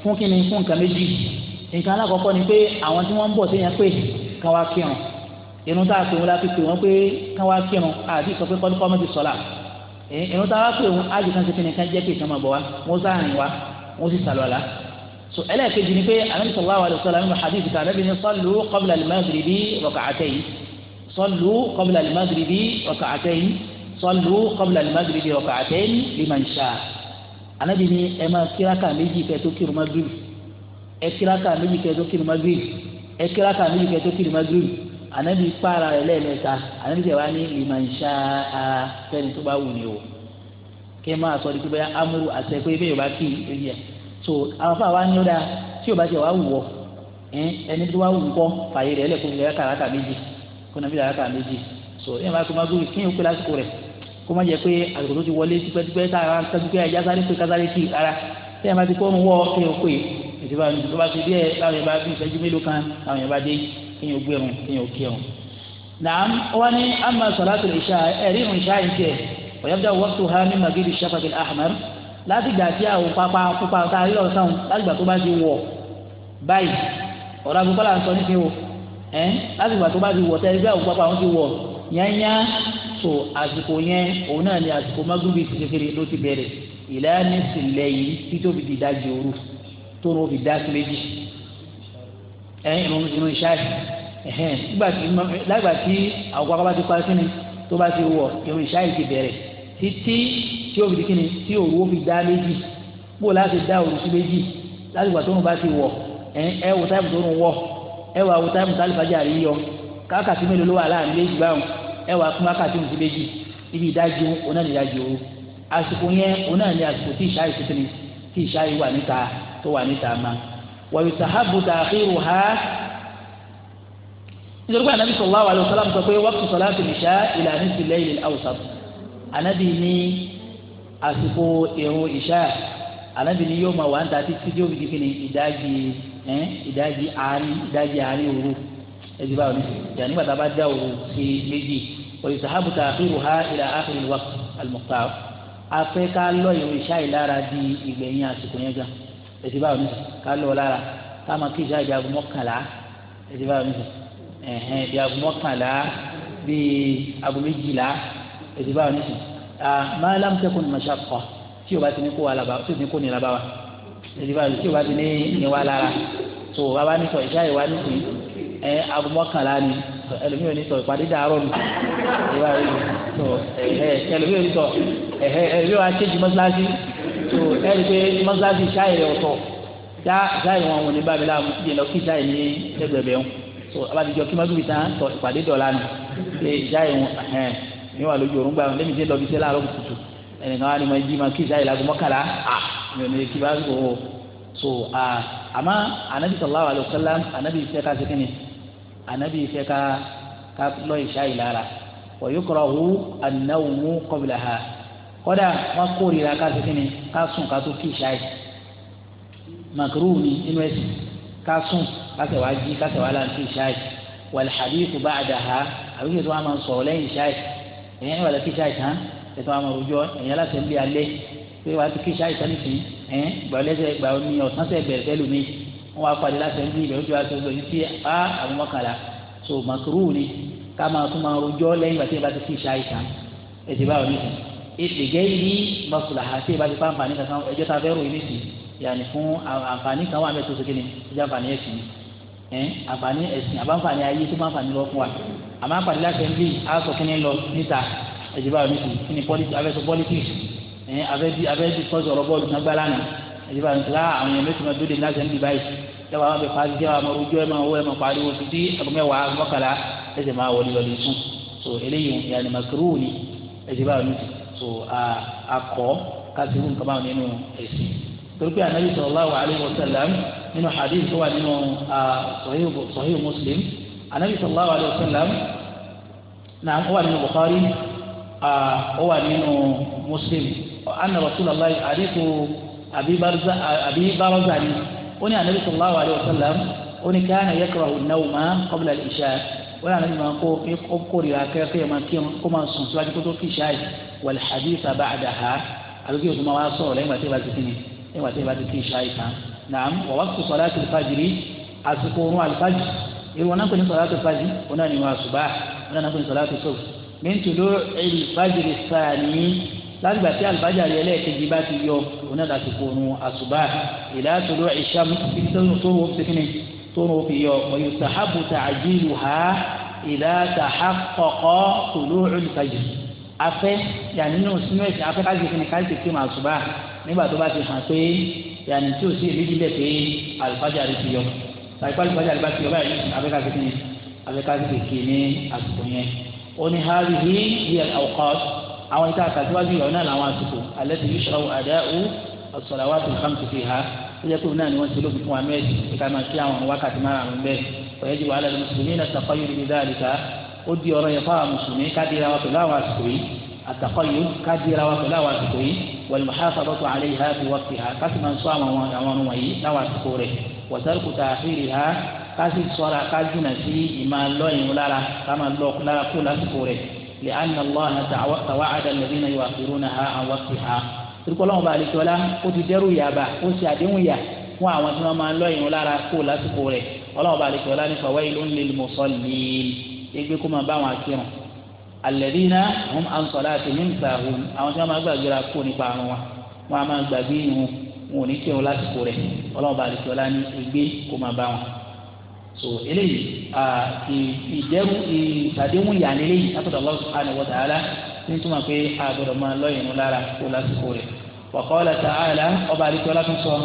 fún kí ni fún nǹkan méjì nǹkan alákọ̀ọ́kọ́ ni pé àwọn tí wọ́n ń bọ̀ téèyàn pè kán wá kírun irun tá a pè wọn la fi pè wọn pé kán wá kírun àti sọ pé kọ́ńtùkọ́ mọ́ ti so ẹlẹ́ẹ̀kejì ni pé anabi sallallahu alayhi wa sallam nínú hadith kan anabi ni sallu qabla al-maghribi raka'atayn sallu qabla al-maghribi raka'atayn sallu qabla al-maghribi raka'atayn liman sha'a anabi ni ẹ máa kíráka méjì kẹ́ tó kírun magrib ẹ kíráka méjì kẹ́ tó kírun magrib ẹ kíráka méjì kẹ́ tó kírun magrib anabi kpara rẹ̀ anabi sẹ wa ni liman sha'a fẹ́ni tó bá wù ní o kí ẹ máa sọ di pé bẹ́ẹ̀ amúru àti ẹ bẹ́ẹ̀ yóò bá kí i lóye so àwọn fún àwa ni ó dáa tí o bá jẹ wàá wù ọ ẹni tó wá wù kọ fàyè rẹ lẹkọọ nílẹ kàràkà méjì kó nàbí kàràkà méjì so ẹ máa kó má gbóyè kéèyàn kó lásìkò rẹ kó má jẹ pé àgbẹ̀kọ̀ tó ti wọlé tipẹ́tipẹ́ tá a kájú pé ẹja sáré pé kásáré kì í rárá tí ẹ máa ti kó ń wọ kéèyàn kó yìí ètò ìbára nìyí tó bá ti bí ẹ láwọn yẹn bá bí ìfẹ́jú mélòó kan láwọn yẹn bá dé kéèyàn gbé ẹ̀rùn kéèyàn kí ẹ̀rùn. naam wọn ní amma salatul isha ẹ̀rí ìrùn ìṣá yìí tiẹ̀ ọ̀yọ́bdà waqtuha min maghrib ash-shafaq al-ahmar látìgbà tí àwọn pápá pupa ọ̀tá ayélujára ọ̀sán látìgbà tó bá ti wọ̀ báyìí ọ̀rọ̀ agbègbè là ń sọ nífi o ẹ̀ látìgbà tó bá ti wọ̀ tẹ́lẹ̀ bí àwọn pápá wọn ti wọ̀ yányá so àsìkò yẹn òun náà ni àsìkò magubi ti kékeré ló ti bẹ̀rẹ̀ ìlànà ìsìnlẹ̀ yìí títí ó fi di ìdajì òru tó ní ó fi dá sí méjì ẹ̀ irun irun ìṣáàṣì ẹ̀hẹ́n nígbà tí àwọn pápá bá ti parí sí ni tó bá ti wọ̀ irun ìṣáàṣì ti bẹ̀rẹ̀ títí tí o fi di kíni tí òru ó fi dá méjì bó o láti dá òru sí méjì láti gbà tó ń bá ti wọ̀ ẹ ẹ wo táìmù tó ń wọ̀ ẹ wà wo táìmù tó àlùfáàjà rí yọ káàkiri mélòó ló wà láàrin méjì báwọn ẹ wà fún wákàtí òun sí méjì ibi ìdájí òun náà ní ìdájí òru àsìkò yẹn òun náà àsìkò tí ìṣáyé ti tẹ̀lé tí ìṣáyé wà níta tó wà níta ma wàyí sàhábù tààkìrù ha nítorí pé ànábì sallallahu alaihi wasallam sọ pé waqtu salati al-isha ila nisfi al-layl al anabi ní àsìkò irun ìṣá anabi ní yóò máa wà ń ta títí tí ó fi di kíni ìdájì ẹ ìdájì àárín ìdájì àárín òru ẹbí báwo ni ìjà nígbà tá a bá dá òru sí méjì òye sàhábù tá a fi rò ha ìlà àkìrì wà àlùmọ̀tà afẹ́ ká lọ irun ìṣá yìí lára di ìgbẹ̀yìn àsìkò yẹn gan ẹbí báwo ni ká lọ lára ká máa kí ìṣá ìjà mọ́kànlá ẹbí báwo ni ẹ̀hẹ́n ìjà mọ́kànlá bíi ago méjìlá èsì báwa nísìn máa lám tẹkùn mọṣàkọ tí o bá ti ní kó wa lába tí o ti ní kó ní lába wa èsì báwa tí o bá ti ní ní wa lára tó o bá ní sọ ìṣá ìwà nísìn ẹ abúmọkànlá ni ẹlòmíì ò ní sọ ìpàdé dàárọ̀ nù ìwà rẹ tó ẹ ẹlòmíì ò ní sọ ẹ ẹlòmíì wa kéjì mọ́sálásí tó ẹ rí pé mọ́sálásí ìṣá ìrẹ ọ̀tọ̀ já ìṣá ìwọ̀n wọn ní bábí láàmú yẹn lọ kí ìṣá ì so abadijọ kí mọ́tò bìtán tọ ìpàdé dọ̀la nù ṣe ìjà ìwọ̀n ní wà lójú òrùngbà wọn lẹ́mi tí lọ́ọ́ bí sẹ́ láàárọ̀ kùtùkùtù ẹnìkan wà ní ma jí ma kí sáyé lago mọ́kàlá à mi ò ní kí bá wò ó so àmọ́ anabi sallallahu alayhi wa sallam anabi ìfẹ́ ká sẹ́kìnì anabi ìfẹ́ ká ká lọ́ ìṣáyé lára wa yukrahu an-nawmu qablaha kọ́dà wọ́n kórìíra ká sẹ́kìnì ká sùn ká tó kí ìṣáyé makruh inú ẹ̀sìn ká sùn ká sẹ̀ jí ká sẹ̀ wá láǹtí ìṣáyé wal hadithu ba'daha àbíkẹ́ tó wà máa ń ẹ̀yìn wà lẹ́ kíṣà ìtàn ẹ̀tọ́ àwọn òrùjọ ẹ̀yìn aláṣẹ ń bí alẹ́ pé wà á ti kíṣà ìtàn nìsín ẹ̀yìn gbà lẹ́sẹ̀ gbà ní ọ̀sán tẹ̀ bẹ̀rẹ̀ tẹ́lu mi wọ́n wá padì láṣẹ ń bí ìbẹ̀rù tó aṣọ ìgbẹ̀rù sí a àwọn mọ́kànlá so màkúrú ni ká máa tún máa rojọ́ lẹ́yìn gbà tí ẹ bá kíṣà ìtàn ẹ̀sìn báwọn nìsín ètè gẹ́yìí mọ̀sùlùmá tí ẹ bá ti kankan ẹjọ́ ta fẹ́ ròyìn nìsín yàní fún àǹfààní kan wà mẹ́tò sókè ni ẹjọ́ àǹfààní ẹ̀sìn àǹfààní ẹ̀sìn àbáǹfààní ayé tó máa ń fààní lọ wa àmọ́ àpàdé láti ẹ̀ ń bí aṣọ kínní lọ níta ẹ̀jẹ̀ báyọ̀ níbi kínní pọ́lítì abẹ́sọ pọ́lítì ẹ̀yìn abẹ́bí abẹ́bí kọ́sì ọ̀rọ̀ bọ́ọ̀lù nàgbà lánàá ẹ̀jẹ̀ báyọ̀ níta àwọn èèyàn méjì máa dúró láti ẹ̀ ń bí báyìí yàrá àwọn abẹ́fà ti jẹ́wọ́ àmọ́ ojú ẹ̀ ẹ̀ máa pariwo títí ẹ̀kọ́ mẹ́wàá so eléyìí yàrá màkìrúù ni ẹ̀jẹ̀ báyọ̀ níbi so akọ kásìrú nǹkan báwọn nínú wa sallam nínú hadith tó wà nínú sahih muslim النبي صلى الله عليه وسلم نعم هو من البخاري آه، هو من مسلم وأن رسول الله حديث أبي برزة أبي برزاني أني النبي صلى الله عليه وسلم أني كان يكره النوم قبل العشاء ولا نبي ما يقول يا كيفية ما كيما كما سنسوا يقول في شاي والحديث بعدها أذكر يقول ما صلى ما تبى تبني ما تبى تبني شاي نعم ووقت صلاة الفجر أذكر الفجر ìwọ náà kò ní sọlá tó fàjì wọn náà ní wọn àṣùbà wọn náà kò ní sọlá tó sọ̀rọ̀ mẹ́ntòló ìfàjì sàní lágbà tí àlùbájà rẹ̀ lẹ́ẹ̀kejì bá ti yọ wọn náà láti kó nu àṣùbà ìlà tòló ìṣàm tóru fi kíni tóru fi yọ wọ́n yóò sàhábù tàjílù ha ìlà sàhákọ̀kọ́ tòló ìfàjì afẹ́ yàní nínú sínú ẹ̀sìn afẹ́ kájí kíni kájí kí mà àṣùbà nígbà tó bá ti hàn pé yàní tí ò sí èmi sàìpá ìgbàjá ìgbà tí ọba yìí abẹ́ka ti ní abẹ́ka ti kì í ní àsìkò yẹn ó ní hali hi hi al-awqat àwọn ìta àtàtúwájú ìyàwó náà làwọn àsìkò alẹ́ ti yusuf adáwó as-salawat al-khamsi fiha ó yẹ kó náà ni wọ́n ti lóbi fún amẹ́ ìka máa kí àwọn wákàtí márùn-ún bẹ́ẹ̀ ọ̀yẹ́dì wa mùsùlùmí náà sàkọ́yù níbi dáàlìkà ó di ọ̀rọ̀ yẹn fáwọn mùsùlùmí kádìrà wa pẹ̀lú àwọn àsìkò yìí àtàkọ́yù kádìrà wa pẹ̀lú àwọn àsìkò yìí wal muhafazatu alayha fi waqtiha kásìmọ̀ nsọ́ àwọn àwọn wọ̀nyí láwọn àsìkò rẹ̀ wọ̀tẹ́lùkù tà àfihàn ha ká sì sọ́ra ká jìnnà sí ìmọ̀ lọ́yìn lára ká máa lọ lára kó lásìkò rẹ̀ lè ànà lọ́hàn tàwa àdàlẹ́bí náà yóò àfihàn náà ha àwọn ti ha turukọlọ́wọ́n bá àlejò ọlá ó ti dẹ́rù yàbá ó sì àdéhùn yà fún àwọn tí wọ́n máa lọ́yìn lára kó lásìkò rẹ̀ ọlọ́wọ́n bá àlejò ọlá nípa wáyé ló ń lè mùsọ̀lìn ẹgbẹ́ kó máa bá wọn akírun alẹ́dínà hum ansọ̀lá àti mímísà hum àwọn tí wọ́n máa gbàgbéra kó nípa àrùn wọn wọ́n máa gbàgbé ìhun wọn ò ní kírun lásìkò rẹ̀ ọlọ́run bá àlùkò ọlá ní kó máa bá wọn. so eléyìí ìdẹ́rù ìtàdéhùn ìyàlẹ́ eléyìí látọ̀dọ̀ Allah subhanahu wa ta'ala ní túmọ̀ pé a gbọ́dọ̀ máa lọ ìrun lára kó lásìkò rẹ̀. wa qala ta'ala ọba àlùkò ọlá tún sọ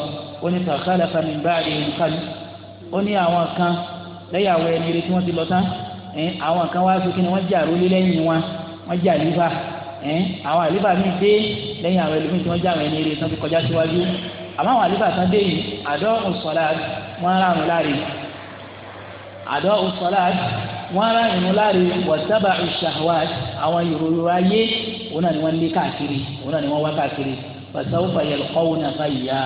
ó ní fakhalafa min ba'dihim khalfun ó ní àwọn kan lẹ́yìn àwọn ẹni rẹ̀ tí wọ́n ti lọ tán àwọn kan wá sí ni wọ́n jà rólé lẹ́yìn wọn wọ́n jà lífà àwọn àlífà míì dé lẹ́yìn àwọn ẹlòmíì tí wọ́n jà àwọn ẹni rẹ̀ tán fi kọjá síwájú àmọ́ àwọn àlùfáà kan dé yìí àdó òsọlá wọn ara àrùn láre àdó òsọlá wọn ara àrùn láre wọtábà ìṣàwá àwọn ìròyìn ayé òun náà ni wọn lé káàkiri òun náà ni wọn wá káàkiri pàṣẹwò fàyẹlẹ kọ́wọ́ náà fà yìí yá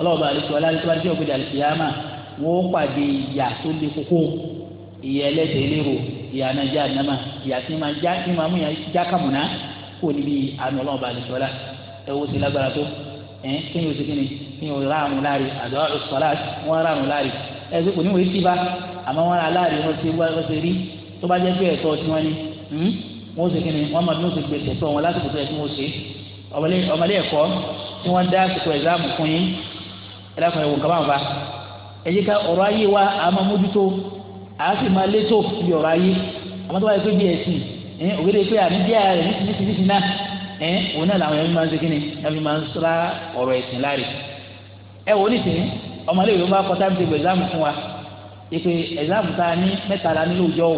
ọlọ́ọ̀bà àlùfáà ọlọ́ọ̀bà àlùfáà tí ògbéjà àlùfáà wọn ó pàdé ìyà tó le koko ìyà ẹlẹ́dẹ̀ẹ́ lérò ìyà anájà ẹ̀ kí ni o ṣe kí ni kí ni o ráàrùn láàrí àdó ọ̀sọ́lá wọn ráàrùn láàrí ẹ̀ ṣe kò ní wọ́n ti bá àmọ́ wọn rà láàrí wọn ti wá wọn ti rí tó bá jẹ́ pé ẹ̀tọ́ tí wọ́n ní hmm? wọ́n ṣe kí ni wọ́n máa bí wọ́n ṣe gbé ẹ̀tọ́ wọn lásìkò tó yẹ kí wọ́n ṣe ọmọlé ẹ̀kọ́ tí wọ́n dá àsìkò ẹ̀záàmù fún yín ẹ̀ lákùnrin ẹ̀wọ̀n kàmáà wa a máa mójútó a sì máa létò ibi ọ̀rọ̀ ayé àmọ́ tó bá yẹ ẹ òun náà làwọn ẹbí máa ń ṣe kí ni ẹbí máa ń sra ọ̀rọ̀ ẹ̀sìn láre ẹ wò ní sìn ọmọléèwé bá kọ táìmù tèbù ẹ̀sáàmù fún wa ìpè ẹ̀sáàmù tá a ní mẹ́ta la nílò òjọ́ o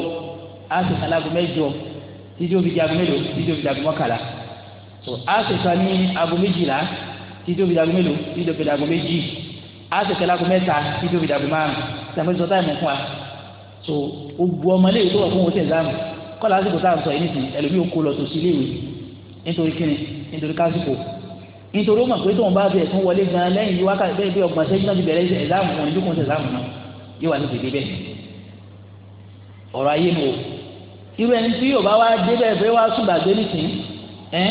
á sì kan láago mẹ́jọ títí ó fi di aago mélòó títí ó fi di aago mọ́kànlá so á sì kan ní aago méjìlá títí ó fi di aago mélòó títí ó fi di aago méjì á sì kan láago mẹ́ta títí ó fi di aago márùn tàbí táìmù fún wa so gbogbo nítorí kíni nítorí kásìkò nítorí ó mọ̀ pé tóun bá bẹ̀ tún wọlé gan lẹ́yìn bí wákàtí bẹ́ẹ̀ bí ọgbọ̀n sẹ́yìn náà ti bẹ̀rẹ̀ ẹ̀dáàmù wọn ìdúkùn ti ẹ̀dáàmù náà yóò wá ní tètè bẹ́ẹ̀ ọ̀rọ̀ ayé mi o irú ẹni tí yóò bá wá dé bẹ́ẹ̀ pé wá sùn gbàgbé nìsín ẹ́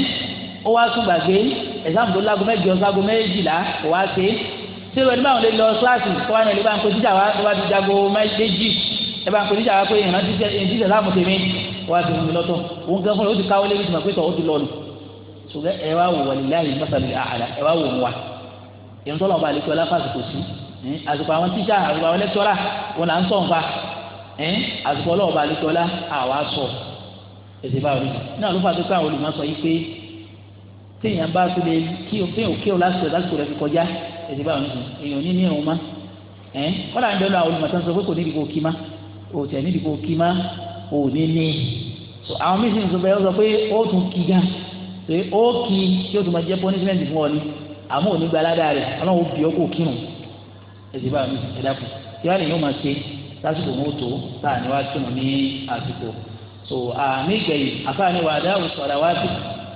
ó wá sùn gbàgbé ẹ̀dáàmù tó lágo mẹ́jọ ságo méjìlá kò wá ṣe é ṣé nígbà wọn lè lọ kíláàsì ẹ bá ń pèsè àwọn pé ìrántí ìdíje láàmú tèmi wàá ti rìn lọ́tọ̀ òun gan fúnra ó ti káwọ́ lébi tìmọ̀ pé tọ̀ ó ti lọ́nu ṣùgbọ́n ẹ wá wò wàlí láàyè mọ́sálẹ̀ àhàlà ẹ wá wò ń wa ìrántí ọlọ́run bá lè kí ọlá fásitì sí àsìkò àwọn tíjà àsìkò àwọn lẹ́tọ́rà wọn là ń sọ̀ nfa àsìkò ọlọ́run bá lè kí ọlá àwa sọ èsì báwo ni náà ló fà tó pé àwọn olùmọ̀sọ yìí pé téèyàn bá tó lè kí òfin òkè òlá sọ lásìkò rẹ fi kọjá èsì báwo ni èèyàn ní kọ́lá ń bẹ́ẹ̀ àwọn olùmọ̀sọ sọ kò ní ìdìbò kí má o tẹ̀ nídìí kó kí má o ní ní so àwọn míì sì ń sọ bẹ́ẹ̀ ó sọ pé ó tún kí gan pé ó kí tí ó tún máa jẹ́ punishment fún ọ ni àmọ́ òní gba aládàá rẹ̀ ọlọ́run ó bì ó kó bá mi ẹ̀ dàpọ̀ tí wọ́n á lè máa ṣe lásìkò mọ́tò láàrin wá kírun ní àsìkò so àmì ìgbẹ̀yìn àfáàní wà dáhùn sọ̀rọ̀ wá sí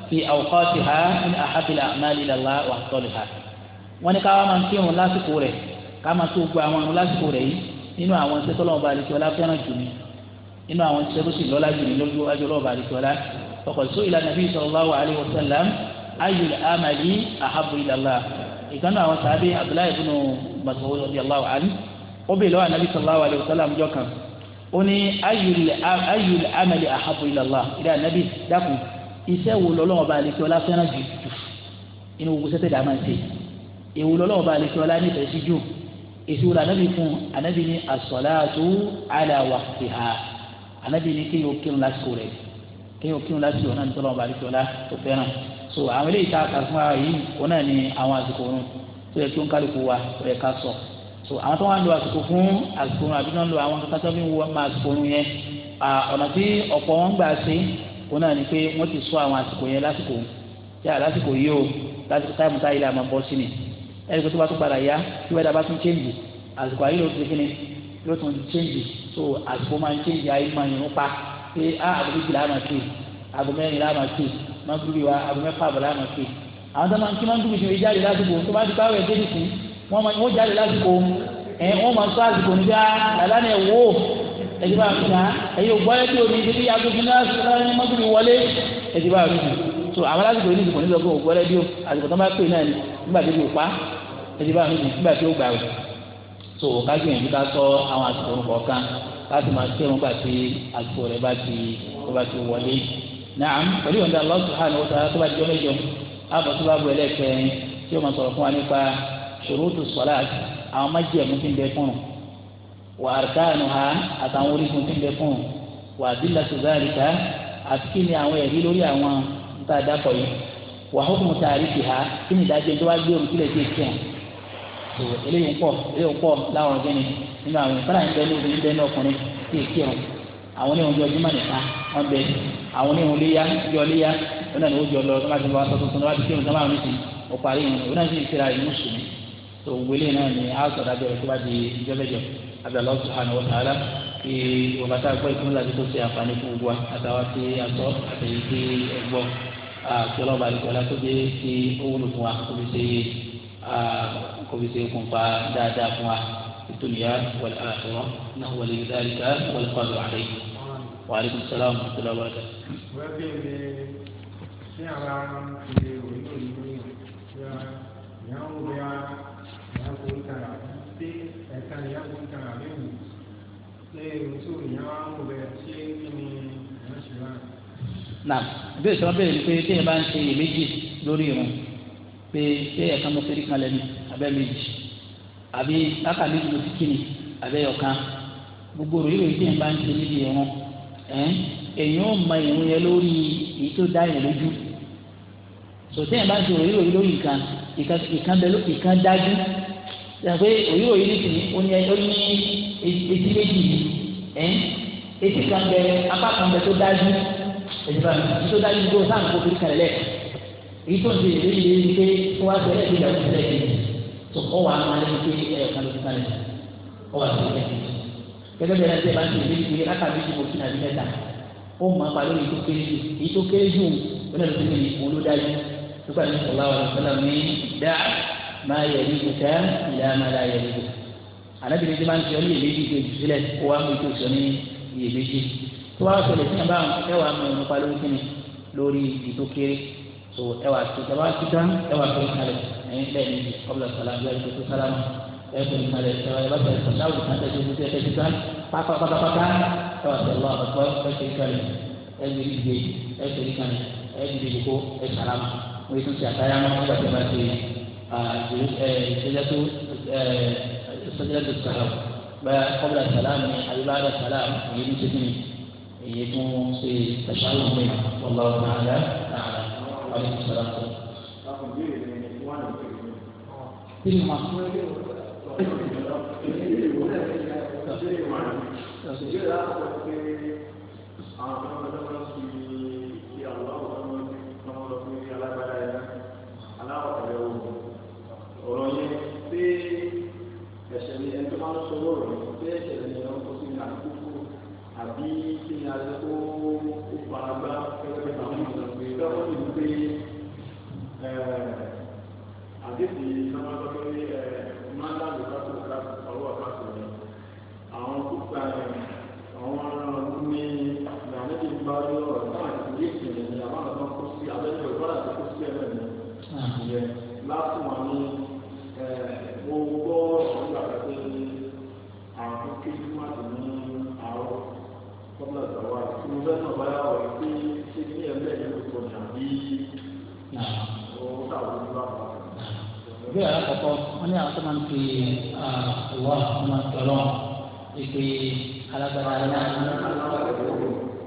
fi àwòkọ́sì ha ní àhábìlà àmàlìlàlá wà tọ́lù ha wọ́n ní káwá máa ń kírun lásìkò rẹ̀ ká máa tó gba àwọn ọmọ lásìkò rẹ̀ yìí nínú àwọn iṣẹ́ tó lọ́wọ́ bá àdìsí ọlá fẹ́ràn jù ní nínú àwọn iṣẹ́ tó sì lọ́lá jù ní lójú ọjọ́ lọ́wọ́ bá àdìsí ọlá ọkọ̀ sọ ìlànà bíi sallallahu alaihi wasallam ayul amali ahabu ilallah ìkànnì àwọn sàbí abdullahi ibn Mas'ud radiyallahu anhu ó bèèrè lọ́wọ́ anabi sallallahu alaihi wasallam jọ kan ó ní ayul amali ahabu ilallah anabi dákun iṣẹ́ wo lọ́wọ́ bá àdìsí ọlá fẹ́ràn jù inú gbogbo sẹ́tẹ̀ dàmà ń ṣe èwo lọ́wọ́ bá àdìsí ọlá nífẹ̀ẹ́ èsì wòle anabi fún anabi ní asọláàtú àlà wàhtiha anabi ní kéèyàn ó kírun lásìkò rẹ̀ kéèyàn ó kírun lásìkò náà nítorí wọn bá rí tó fẹ́ràn so àwọn eléyìí tá a kà fún wa yìí wọn náà ní àwọn àsìkò òun tó yẹ kí ó kálukú wa ó yẹ ká sọ so àwọn tó wà ń lo àsìkò fún àsìkò òun àbí náà ń lo àwọn kankan tó fi ń wọ máa àsìkò òun yẹn ọ̀nà tí ọ̀pọ̀ wọn gbà sí wọn náà ni pé wọ́n ti sọ àwọn àsìkò yẹn lásìkò yìí o lásìkò ẹ̀ríkò tó bá tún padà yá tí wẹ́dà bá tún chéǹjì àsìkò ayé ló ti kíni ló tún chéǹjì so àsìkò máa ń chéǹjì ayé máa yẹn ń pa pé ah, á àgùn méjìlá àmà sí àgùn mẹ́rin láàmà sí máa ń dúbì wá àgùn mẹ́fà àbọ̀ láàmà sí àwọn tó máa ń kí máa ń dúbì sí ìwé jáde lásìkò tó bá ti bá wẹ̀ dé nìsín wọ́n máa ń jáde lásìkò ẹ̀ wọ́n máa ń sọ àsìkò nígbà ah, làlánà ẹ̀ wò ẹtì bá mi náà so àwọn alásìkò yìí nìkan nígbà fún ògbọ́yẹ bí o àsìkò tó nígbà tí kò pa ẹtì bá mi nígbà tí ó gbà wẹ̀ so ká gbìyànjú ká sọ àwọn àsìkò orúkọ kan ká sì máa tẹ̀wọ́n gbà tí àsìkò rẹ̀ bá ti bá ti wọlé náà pẹ̀lú ìwọ̀n Allah subhanahu wa ta'ala tó bá jọ mẹ́jọ àbọ̀tún bá bu ẹlẹ́kẹ̀rin tí ó máa sọ̀rọ̀ fún wa nípa ṣurutu salat àwọn májèmú tí ń bẹ fún un wà arkanuha àtàwọn orígun tí ń bẹ fún un wà adillatu zalika àti kí ni àwọn ẹ̀rí lórí àwọn tá a yìí wàhùn mu tààrí ti ha kí ni ìdájọ́ tó wá gbé omi kílẹ̀ díẹ̀ kíọ̀ tó eléyìí ń pọ̀ eléyìí ń pọ̀ láwọn ọ̀gbìn ni nínú àwọn ìfọ́nà ń bẹ ní obìnrin bẹ ní ọkùnrin tí ì kíọ̀ àwọn oníhùn jọ jimá nìka wọn bẹ àwọn oníhùn léyà jọ léyà wọn náà ní ó jọ lọ tó má ti wá sọ tuntun lọ́wọ́ ti kíọ̀ tó sí ọ̀pọ̀ àrí ìrìn wọn náà sì ṣe ra ìlú sùn tó wọlé náà ni a sọ tó bá di ìjọ́lẹ́jọ́ Ah, kílọ̀ bá nìkan láti dé kí ó wúlò fún wa kó fi ṣe ah, kó fi ṣe kóńpa dáadáa fún wa ìtòlìyà wal akhirah náà wọlé dáríkà wọlé kọ́ọ̀dù àlẹ́ yìí wa aleykum salaam wa rahmatulah wa barakatuh. ni nà bí o sọ wọn bẹ̀rẹ̀ pé téèyàn bá ń ṣe iyèméjì lórí irun pé téèyàn kan mo fẹ́ rí kan lẹ́nu abẹ́ méjì àbí láka méjì mo ti kí ni abẹ́ ọ̀kan gbogbo rẹ̀ yóò téèyàn bá ń ṣe níbi irun ẹ̀ èyàn ò mọ irun yẹn lórí èyí tó dá yẹn lójú sọ téèyàn bá ń ṣe òyìnbó yìí lórí nǹkan ìkan bẹ lókè ìkan dájú yàgbé òyìnbó yìí nìkan ó ní etí méjì yìí etí kan bẹ apá kan bẹ tó dájú ẹ̀jẹ̀ bá mi tó dájú tó sáà ń kó kiri kalẹ̀ lẹ́ẹ̀ èyí tó ń di èyí lé ní pé kó wá sẹ́lẹ̀ tó yàgò sẹ́lẹ̀ kejì tó kọ́ wà á máa lé pé ẹ̀yọ̀ kan ló ti kalẹ̀ kọ́ wà sẹ́lẹ̀ kejì gẹ́gẹ́ bí ẹ̀rẹ́sẹ̀ bá ń tẹ̀lé ní pé lákàbí ti mo ti nàbí mẹ́ta ó máa pa lórí tó kéré jù èyí tó kéré jù ó lẹ́nu tó ní ìfún ló dájú nípa ní sọ̀lá wà lọ́sọ̀lá mi tó wá sọlẹ̀ sí nàbà ẹwà mọ̀ nípa lórí kíni lórí ìdó kéré tó ẹwà tó tàbá tó tán ẹwà tó kalẹ̀ ẹ̀yin bẹ́ẹ̀ ni ọ̀bùlà sàlámù ẹ̀yin tó sàlámù ẹ̀yin tó kalẹ̀ ẹ̀wà ẹ̀bá tó sàlámù kàtà tó tó tẹ̀ tán pápá pátápátá ẹwà tó lọ àbàtọ́ ẹ̀ṣẹ̀ kalẹ̀ ẹ̀yin ìgbé ẹ̀ṣẹ̀ kalẹ̀ ẹ̀yin ìdìbò ẹ̀ sàlámù wọ́n yìí tún ti àtàyà mọ́ nígbà tó bá ti ìṣẹ́jọ́ tó ìṣẹ́jọ́ tó sàlámù bẹ́ẹ̀ ọ̀bùlà sàlámù ni àbí èyí tó ń ṣe ìṣàlù mi ọlọ́ nàdá nàdá wàlẹ̀ ìṣàlù tó. kí ni ma. ọ̀rọ̀ yẹn pé ẹ̀ṣẹ̀ ni ẹni tó máa ń sọ lọ́rọ̀ yẹn pé ẹ̀ṣẹ̀ ni ẹni tó ti ní àkókò àbí kí ni alẹ́ kó kó faragbá gẹ́gẹ́ bí àwọn ìlànà pé lọ́wọ́ ní pé àdébì náà lọ pé máa ń dáàbò kákò kákò ọwọ́ àkàkò rẹ̀ àwọn kúkà àwọn ní ìdánilẹ́bí bá yọ ọ̀rọ̀ náà ìdílé ìṣẹ̀lẹ̀ ní àwọn àwọn kó sí abẹ́jọ́ ìbára tó kó sí ẹ̀rọ ní ìyẹn láti wọn ní mo gbọ́ kọ́mọ àtàwọn àti mo fẹ́ sọ̀rọ̀ báyà wọ̀ pé ṣé ní ẹgbẹ́ yìí ló kọ̀ ní àbí ọ̀hún táwọn ní bá wà. ìgbé àyà kọ̀kọ́ wọ́n ní àwọn tó máa ń fi ọwọ́ àwọn máa ń fi ọlọ́run ìpè alágbára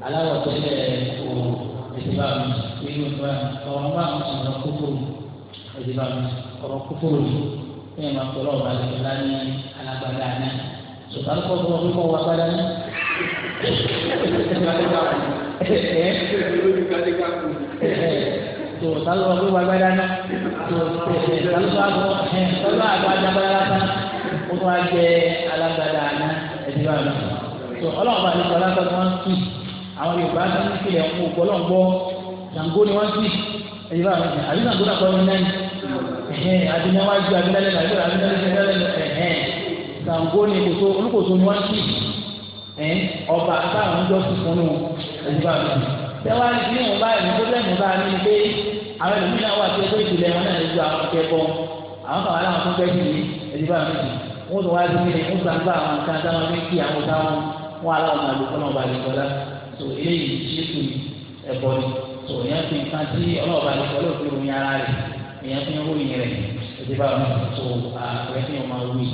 aláwọ̀ tẹ́lẹ̀ òòrùn ìdíbà mi ìlú ìgbà ọ̀rọ̀ máa ń sọ̀rọ̀ kúkúrú ìdíbà mi ọ̀rọ̀ kúkúrú ní ìmọ̀ àtọ̀rọ̀ ọ̀rọ̀ àlejò lá ní alágbára náà sọ̀tàn kọ́ fún ọdún kan wá padà ní. tó sálọ ọdún wá padà ní. tó sálọ àgọ́ sálọ àgọ́ ajábára lásán ó tún á jẹ alágbádá àná ẹbí wa lọ. tó ọlọ́run bá nípa alágbá ni wọ́n ń kì àwọn Yorùbá tó ń kílẹ̀ ń kó gbọ́lọ́ ń gbọ́ Ṣàngó ni wọ́n ń kì ẹbí wa lọ. àbí Ṣàngó náà kọ́ ọ́ ní náà ni. àbí náà wájú àbí náà lẹ́nu àbí náà lẹ́nu ẹ̀hẹ́n. Ṣàngó ni kòtò olùkòtò ni wọ́n ti ẹ̀ ọba táwọn ọjọ́ ti fún un ẹ̀dùbà mi. Tẹ́wá ní bí wọn bá ẹ̀mí tó bẹ́ẹ̀ mú bá mi ni pé àwọn ẹ̀mí náà wà tó ẹgbẹ́ ìjìnlẹ̀ wọn náà ju àwọn akẹ́kọ̀ọ́ àwọn kan wà láwọn tó bẹ́ẹ̀ kiri ẹ̀dùbà mi. Wọ́n tún wá sí mi ní wọ́n sàǹgbà àwọn kan táwọn fi kí àwọn táwọn wọn aláwọ̀ máa lò fọ́nà balẹ̀ kọ́lá. Tò eléyìí ṣe é tù ẹ̀bọ ni. Tò ìyẹn fi nǹkan tí ọlọ́ọ̀bá lè kọ́ lóògbé omi ara rẹ̀ ìyẹn fi ń ròyìn rẹ̀ ẹ̀dùbà mi. Tò àpẹẹrẹ fi hàn máa wí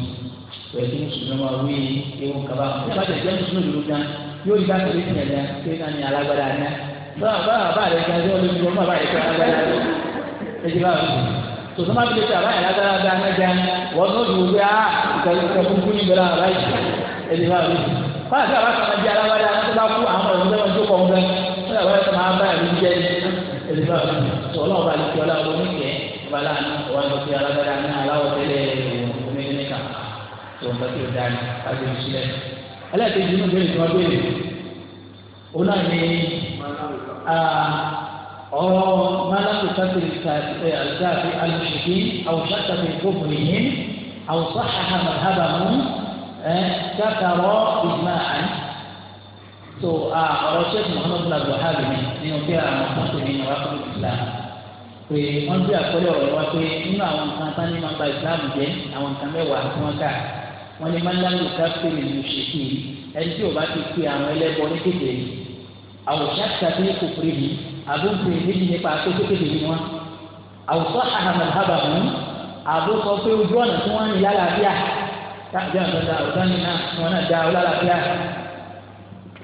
pẹ̀lú mùsùlùmí máa wí ewu kaba nígbà tó jẹ́ mùsùlùmí ló dán yóò yí bàtà lórí ìyẹn dán pé náà ní alágbádá ní báwa báwa bá rẹ̀ gan yóò lóbi wọn bá rẹ̀ gan alágbádá ló ẹjẹ bá wù tòtò má bìlẹ̀ tà báyà alágbádá dá ní gan wọn ní oṣù wípé ah ìkàlù ìkà fún fún ìgbẹ́lá àbáyé ẹjẹ bá wù báwa tí a bá kàmá jẹ alágbádá tó bá kú àwọn ọ̀rọ̀ ìgbẹ́wọ̀n tó kọ̀ ń bẹ́ wọn làwọn ẹ̀ka máa bá ẹ̀mí jẹ́ ẹjẹ bá wù tọ́lọ́ ọba àti tọ́lá ọba oníkẹ́ ọba láàánú ọba ní ọ̀sẹ̀ alágbádá ní aláwọ̀ tẹ́lẹ̀ ọmọ ẹ̀mí kan ìwọ̀nba tí o da ni kájú ní sílẹ̀. ẹlẹ́ẹ̀kejì inú ìbéèrè tí wọ́n béèrè òun náà ni ọ̀rọ̀ malaku kásìrì àlùsáàfì alùsùkì àwùsàkàfì ìfowópamọ́ yìí àwùsàkàfì màhábàmù kátàrọ̀ ìgbà àná. so ọ̀rọ̀ sheikh muhammadu abdulhadi ni nínú kí àwọn kásìrì ní nàwákùn islam pé wọ́n bí àkọlé ọ̀rọ̀ wa pé nínú àwọn nǹkan tán ní máa ba islam àwọn nǹkan mẹ́wàá tí wọ́n ká wọn ni mọ́nlẹ́lù káfíìnì ló ṣe kí ẹni tí o bá ti pe àwọn ẹlẹ́bọ ní kékeré àwòṣà tàbí kòkòrè mi àbókùnrin méjì nípa akókó kékeré wọn àwòṣà àhàmà hábà mú àbókọ pé ojú ọ̀nà tí wọ́n ń yá làbíà táàbí àgbàdo àwòṣà ni wọn náà dá ọlá làbíà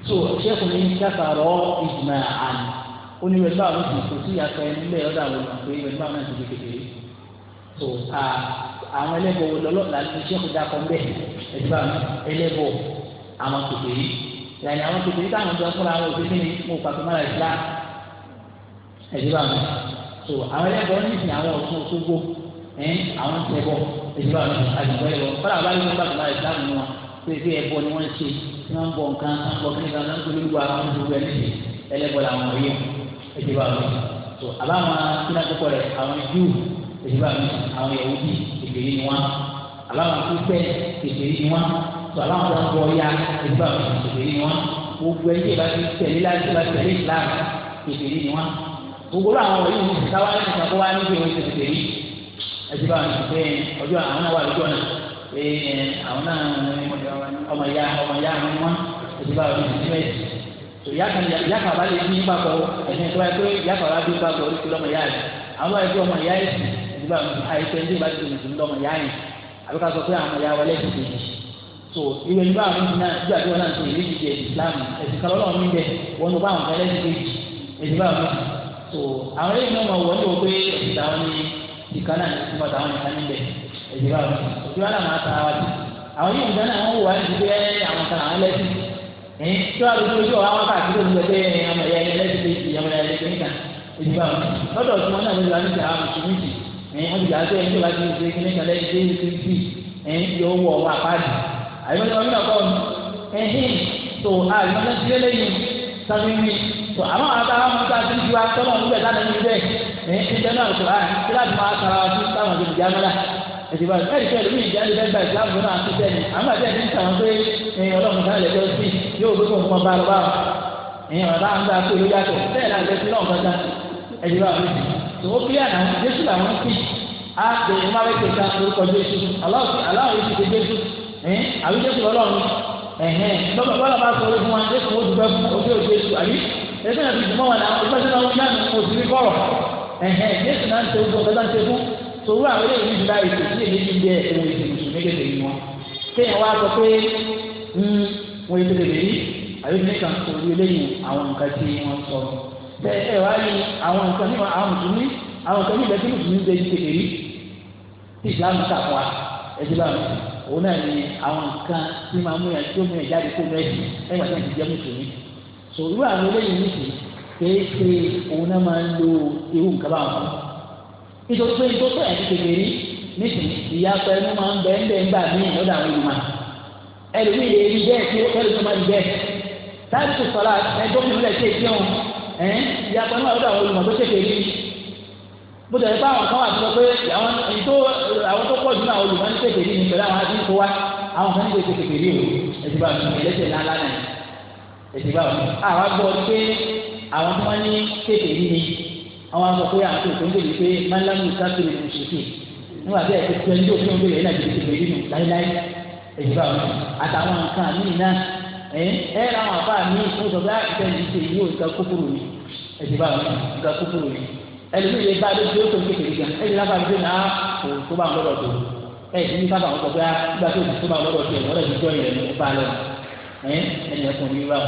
so ṣẹ́kùn ní káfàrọ̀ ìjùmọ̀ àná oníwèé báwọn ti kò sí ìyàtọ̀ ẹni lẹ́yọ̀dà àwọn ọ̀nà pé ìwé tó àwọn ẹlẹ́bọ̀ wo lọ́lọ́ làlùfẹ́ sẹ́kù dákọ̀ ń bẹ̀ ẹ̀dùbà ẹlẹ́bọ̀ àwọn tòkè yìí ìlànà àwọn tòkè yìí táwọn ọ̀dọ́ fúnra wọn òfin ní mo pàtó mọ́ra ìlà ẹ̀dùbà mi tó àwọn ẹlẹ́bọ̀ ní ìsìn àwọn ọ̀tún òṣogbo ẹ̀ àwọn tẹ̀bọ̀ ẹ̀dùbà mi àdùgbò ẹ̀rọ fọlá àbá yìí wọ́n pàtó mọ́ra ìlà mi wọn pé bí ẹ̀bọ ni wọ́n ṣe tí wọ́n ń bọ̀ nǹkan ń bọ̀ kí nìkan ń torí wà wọ́n ti wẹ̀ níbi ẹlẹ́bọ̀ làwọn yìí ẹ̀dùbà mi tó àbá wọn kí ìgbà mi àwọn yẹn wúdi kékeré ni wọn aláwọn tó fẹ́ kékeré ni wọn tó aláwọn tó fọ ya ìgbà mi kékeré ni wọn gbogbo ẹni ìbá ti tẹ̀lé láti ìbá tẹ̀lé Islam kékeré ni wọn gbogbo àwọn wọ̀nyí wọn ti sáwá ní ìsàkó wa níbi ìwé ti kékeré ẹtì bá mi pé ọjọ́ àwọn náà wà lójú ọ̀nà pé àwọn náà ọmọ ya ọmọ ìyá àwọn wọn ẹtì bá mi ti mẹ́tì tó yàtọ̀ bá lè bí papọ̀ ẹ̀sìn tó wáyé pé yàtọ̀ bá bí papọ̀ orí ti lọ́mọ ìyá rẹ̀ àwọn ọmọ ìyá ẹ̀sìn ẹ̀dùnmọ́ àìsàn ẹ̀dùnmọ́ àti mùsùlùmí lọ́mọ ìyá yẹn àbí ká sọ pé àwọn ìyá wa lẹ́sìn kejì so ìwé ìlú àwọn ìdí náà ìdí àti wọn náà ń tẹ̀lé ìdí ẹ̀sìn Islam ẹ̀sìn kan lọ́wọ́ mi bẹ̀ wọn ló bá àwọn ìfẹ́ lẹ́sìn kejì ẹ̀sìn bá wọn so àwọn ẹ̀yìn náà wọ̀ ní òpé ẹ̀sìn táwọn ní ìkan náà ní ìtumọ̀ táwọn ìkan níbẹ̀ ẹ̀sìn bá wọn òtún wọn náà máa ta wa jù àwọn yìí nǹkan náà wọ́n wà ní pé àwọn kan àwọn lẹ́sìn ẹ̀yìn tí wọ́n lójú ojú àwọn káàkiri olùgbẹ́ pé àwọn ẹ̀yà ẹ̀yà lẹ́sìn kejì àwọn ẹ̀yà ẹ̀yà lẹ́sìn kejì kan ẹ̀sìn bá wọn lọ́dọ̀ tí wọ́n náà lójú àwọn ìjà àwọn mùsùlùmí ẹ ẹ bìyà tó ẹni tó bá ti ṣe kí ní kàlẹ́ ṣe é ṣe bì ẹ yóò wọ ọwọ́ àpáàdì àyọ̀dọ̀ ọ̀hún náà kọ́ ẹ hìn tó àyọ̀dọ̀ ti lélẹ́yìn sábẹ́ mi tó àmọ́ àtà àwọn ọmọ tó a ti ju akọ́nà níbẹ̀ lánàá ní bẹ́ẹ̀ ẹ ẹ jẹ́ náà kó láì kí láti máa tara wa sí táwọn ọ̀dọ́ ìjà mọ́lá ẹ̀sìn bá ẹ̀rí fẹ́ lómi ìjà lè fẹ́ gba ìsìlámù náà àti sẹ́ni àmọ́ àti ẹ̀rí sàn pé ẹ̀yìn ọlọ́run náà lè jọ sí yóò gbé fún ọmọ bá lọ bá wọn ẹ̀yìn ọ̀dọ́ àwọn gbà pé ó yàtọ̀ bẹ́ẹ̀ náà lè fi náà kọjá ẹ̀yìn wa lóde tó ó kílíà náà jésù làwọn pè á pè é má bẹ́ẹ̀ kéka orúkọ jésù aláwọ̀ yìí ti ṣe jésù ẹ̀hìn àbí jésù lọ́lọ́run ẹ̀hìn lọ́gbà bọ́lá bá sọ orí fún wa jésù ó dùgbẹ́ fún ojú òjò jésù àbí ẹ̀sìn àti ìdùnnú wa náà ọgbẹ́ sọ́nà wọn yánu òsì rí kọ́rọ̀ ẹ̀hìn jésù náà ń ṣe ojú ọ̀gá ṣe fún tòwú àwọn eléyìí ti láyé tó sí èmi ti jẹ ẹ̀wọ̀n ìdìbò sùn méjèèjì ni wọn kéèyàn wá sọ pé ń hmm, wọ́n ètò lè rí àbí nìkan kò rí eléyìí àwọn nǹkan tí wọ́n sọ ṣé ẹ wá ní àwọn nǹkan ní àwọn mùsùlùmí àwọn nǹkan ní ìgbà tí mùsùlùmí ń ṣe yìí kékeré tí ìsìlámù kà fún wa ẹ̀jẹ̀ bá mi òun náà ní àwọn nǹkan tí máa mú yàn tí ó mú yàn jáde kó mẹ́sì ẹ̀yìn àti àti jẹ́ mùsùlùmí sòwúrò àwọn eléyìí nìkì kéèké òun náà máa ń lo irú nǹkan báwọn fún nítorí pé ìtọ́jú ẹ̀ ti kékeré nísìnyí ìyàtọ̀ ẹnu máa ń bẹ ń bẹ ń gbà mí lọ́dọ̀ àwọn ìlú máa ẹlòmíì lè rí bẹ́ẹ̀ tí ó fẹ́ẹ́ máa rí bẹ́ẹ̀ táàbù sọ̀rọ̀ ẹjọ́ ẹ̀ ìyapa náà lọ́dọ̀ àwọn olùmọ̀ tó ṣèké rí bó tẹ̀lé pé àwọn kan wà tó sọ pé àwọn tó àwọn tó pọ̀ jù náà olùmọ̀ ní ṣèké rí ni pẹ̀lú àwọn àti ìkó wa àwọn kan ní ṣèké ṣèké rí o ẹ̀sìn bá mi ẹlẹ́sẹ̀ lálá náà ẹ̀sìn bá mi àwa gbọ́ pé àwọn tó wọ́n ní ṣèké rí ni àwọn akọ pé àwọn tó ń bèrè pé málámù sáfìrì ní ṣèké nígbà tí ẹ̀sìn tó ń bèrè náà ti ṣèké rí nù láíláí ẹ̀sìn bá mi àtàwọn nǹkan míì náà ẹ ẹ làwọn àbá mi ń sọ pé àìsàn yìí ṣe yóò ga kúkúrú mi ẹ̀sìn bá mi ga kúkúrú mi ẹlòmíì lè bá a lóṣù tó ń kékeré gan ẹ̀sìn láfa mi dènà ah, kò tó bá ń lọ́dọ̀ tó ẹ̀sìn ní sábà wọn sọ pé ah, nígbà tó tó bá ń lọ́dọ̀ tó ẹ̀wọ́n ẹ̀sìn jọ ìrẹ̀lẹ̀ ń bá a lọ ẹ̀yìn ẹ̀kùn mi wà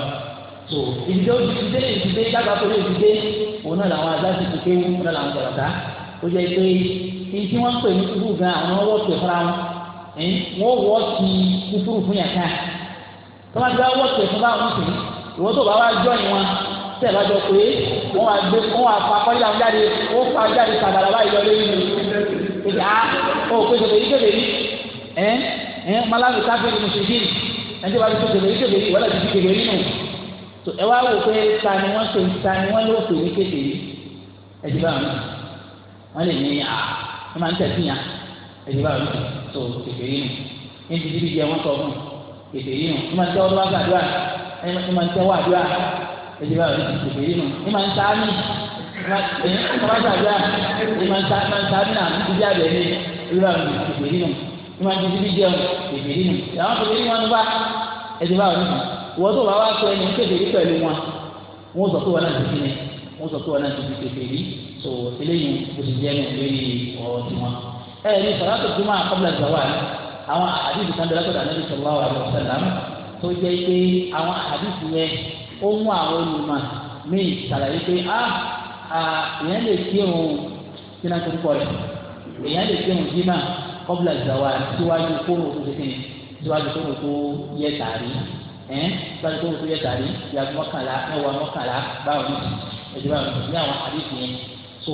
so ìdílé ìdílé ìdílé dábàá tó lé ìdílé òun náà làwọn aláṣẹ ti kéwù òun náà làwọn bọ̀dá ó jẹ́ pé ibi tí wọ́n pè ní kúkú gan àwọn wọ́ọ̀tì fúnra wọn wọ́n wọ́ọ̀tì kúkúrú fún yàtá tọ́wọ́ àti wọ́n wọ́ọ̀tì fún báwọn ń sìn ìwọ́n tó bá wá jọ ìwọ̀n tẹ̀ bá jọ pé wọ́n wá gbé wọ́n wá fa kọ́lé àwọn jáde wọ́n fa jáde sàgbàlá báyìí lọ lórí mi ìgbà ó pèsè lèyí kébèrí ẹ ẹ malawi káfíńtì mùsùlùmí ẹni tí wàá pèsè lèyí kébèrí wọ́n lọ́ọ́ ti kébèrí nù ẹ wá wò pé ta ni wọ́n pè ta ni wọ́n ló pè ní kébèrí ẹ ti pèsè yìí nù ní máa ń tẹ́wọ́ lọ́wọ́ àdúrà ní máa ń tẹ́wọ́ àdúrà ẹ̀jẹ̀ bá wọlé pèsè yìí nù ní máa ń sáánì ọba àdúrà ní máa ń sáánì náà ní ibi àbẹ̀ ní ìlú àwọn pèsè yìí nù ní máa ń tẹ́sí bíi jẹun pèsè yìí nù àwọn pèsè yìí wọn bá ẹ̀jẹ̀ bá wọlé wọ́n tó bá wá pẹ́ ní pèsè yìí pẹ̀lú wọn wọ́n sọ pé wọn náà ti fi ní wọ́n sọ pé wọn náà ti fi pèsè yìí àwọn àdìsí kan dọ́lá gbọ́dọ̀ ànábì sallallahu alaihi wasallam tó jẹ́ pé àwọn àdìsí yẹn ó mú àwọn olùmọ̀ míì sàlàyé pé a ah, èèyàn lè kírun sínú àtúntò rẹ̀ èèyàn lè kírun jimá kọ́bùlà ìzàwà síwájú kóró tó ti kìnnì síwájú kóró tó yẹ tààrí ẹ̀ síwájú kóró tó yẹ tààrí yàgò mọ́kànlá mẹ́wàá mọ́kànlá báwọn ní ẹ̀jẹ̀ báwọn ní àwọn àdìsí yẹn so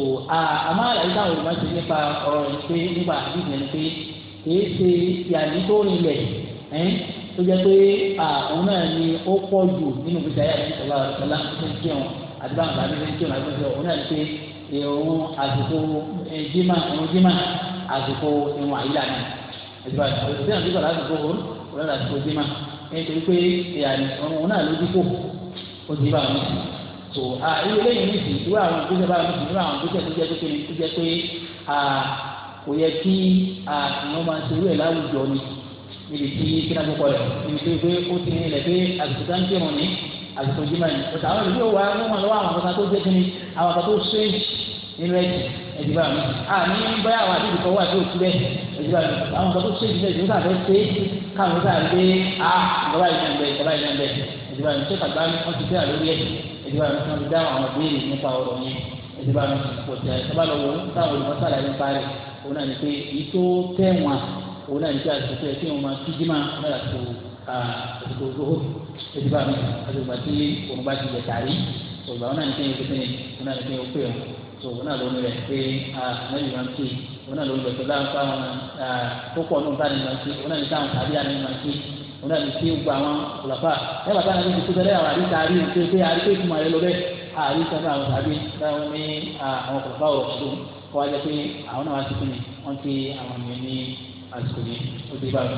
àmọ́ àlàyé táwọn olùmọ̀ ti nípa ọ̀rọ̀ yẹn pé nípa àdìsí yẹn pé kìí ṣe yàrá tó rinlẹ̀ ẹ́ tó jẹ́ pé àwọn náà ni ó pọ̀ jù nínú gbèsè ayé àti ìṣọ̀lá ìṣọ̀lá tó ń kírun àti báwọn bàbá tó ń kírun àti báwọn òun náà ni pé ìrun àsìkò jimá ìrun jimá àsìkò ìrun àyílà náà ẹ̀dùn àti òṣìṣẹ́ àti ìṣọ̀lá àsìkò òun òun àsìkò jimá nítorí pé òun náà ló dípò ó ti bá wọn so ilé lẹ́yìn ní ìsìn ìwé àwọn ìgbésẹ̀ bá wọn ìsìn ìwé àwọn ìgbésẹ̀ tó jẹ́ pé kò yẹ kí àwọn máa ṣerú ẹ̀ láwùjọ ni níbi tí kíná tó kọlẹ̀ níbi tó pé ó ti nílẹ̀ pé àgùntàn tá ń kírun ní àgùntàn jimá ni ọ̀tà àwọn ìlú wa wọ́n máa lọ́wọ́ àwọn akọ̀tà tó jẹ́ kínní àwọn akọ̀tà tó ṣe nínú ẹ̀jẹ̀ ẹ̀jẹ̀ bá mi àní bóyá àwọn àti ìdìkọ̀ wà tó ti bẹ́ ẹ̀jẹ̀ bá mi àwọn akọ̀tà tó ṣe ìdílé ìdílé tàbí ṣe káwọn a ìjọba ìjọba ìjọba ìjọba ìjọba òun náà ní pé ìtò tẹ̀wọ̀n òun náà ní pé àtúntò ẹ̀ tí wọ́n máa fi jimá náà tó àtúntò lóhó ètò bá mi àtúntò tí òun bá ti lè tàrí ògbà òun náà ní pé òun náà ní pé ó pè ọ́ tó òun náà ló ń rẹ̀ pé àmọ́lì máa ń pè òun náà ló ń gbẹ̀tọ̀ láǹfà wọn tó pọ̀ náà báyìí máa ń pè òun náà ní táwọn tàbí àná máa ń pè òun náà ní pé àwọn ọ̀làfà ẹ bàtà náà ní kúkẹ́ lẹ́yìn àwọn àríkà àrí ìpè pé àríkà ìkùmọ̀ rẹ lọ bẹ́ẹ̀ àríkà náà àwọn tàbí kọ́ wájú pé àwọn náà wá sí kíni wọ́n ti àwọn ènìyàn ní àsìkò yìí ó ti bá wọn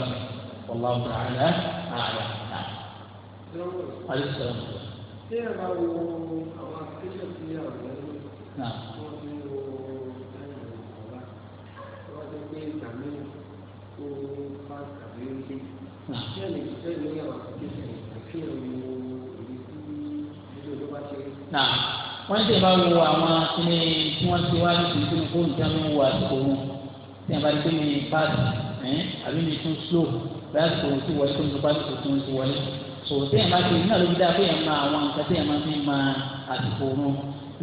wọ́lá ọ̀gá àlá àlá àlá. ṣé ẹ máa wo àwọn akéṣẹ́ sí ẹ̀ lè wọ́n ti bá wo àwọn ilé tí wọ́n ti wá níbi tí wọ́n ti dáná wo àsìkò wọn tí wọ́n bá dé mi paasi ẹ̀ẹ́n àbí mi tún slow láti kò tí wọlé tó ń tó paasi kò tún ti wọlé so tí wọ́n bá ti ní àlọ́ dídá pé ẹ̀ máa àwọn nǹkan tí ẹ̀ máa fi máa àsìkò wọn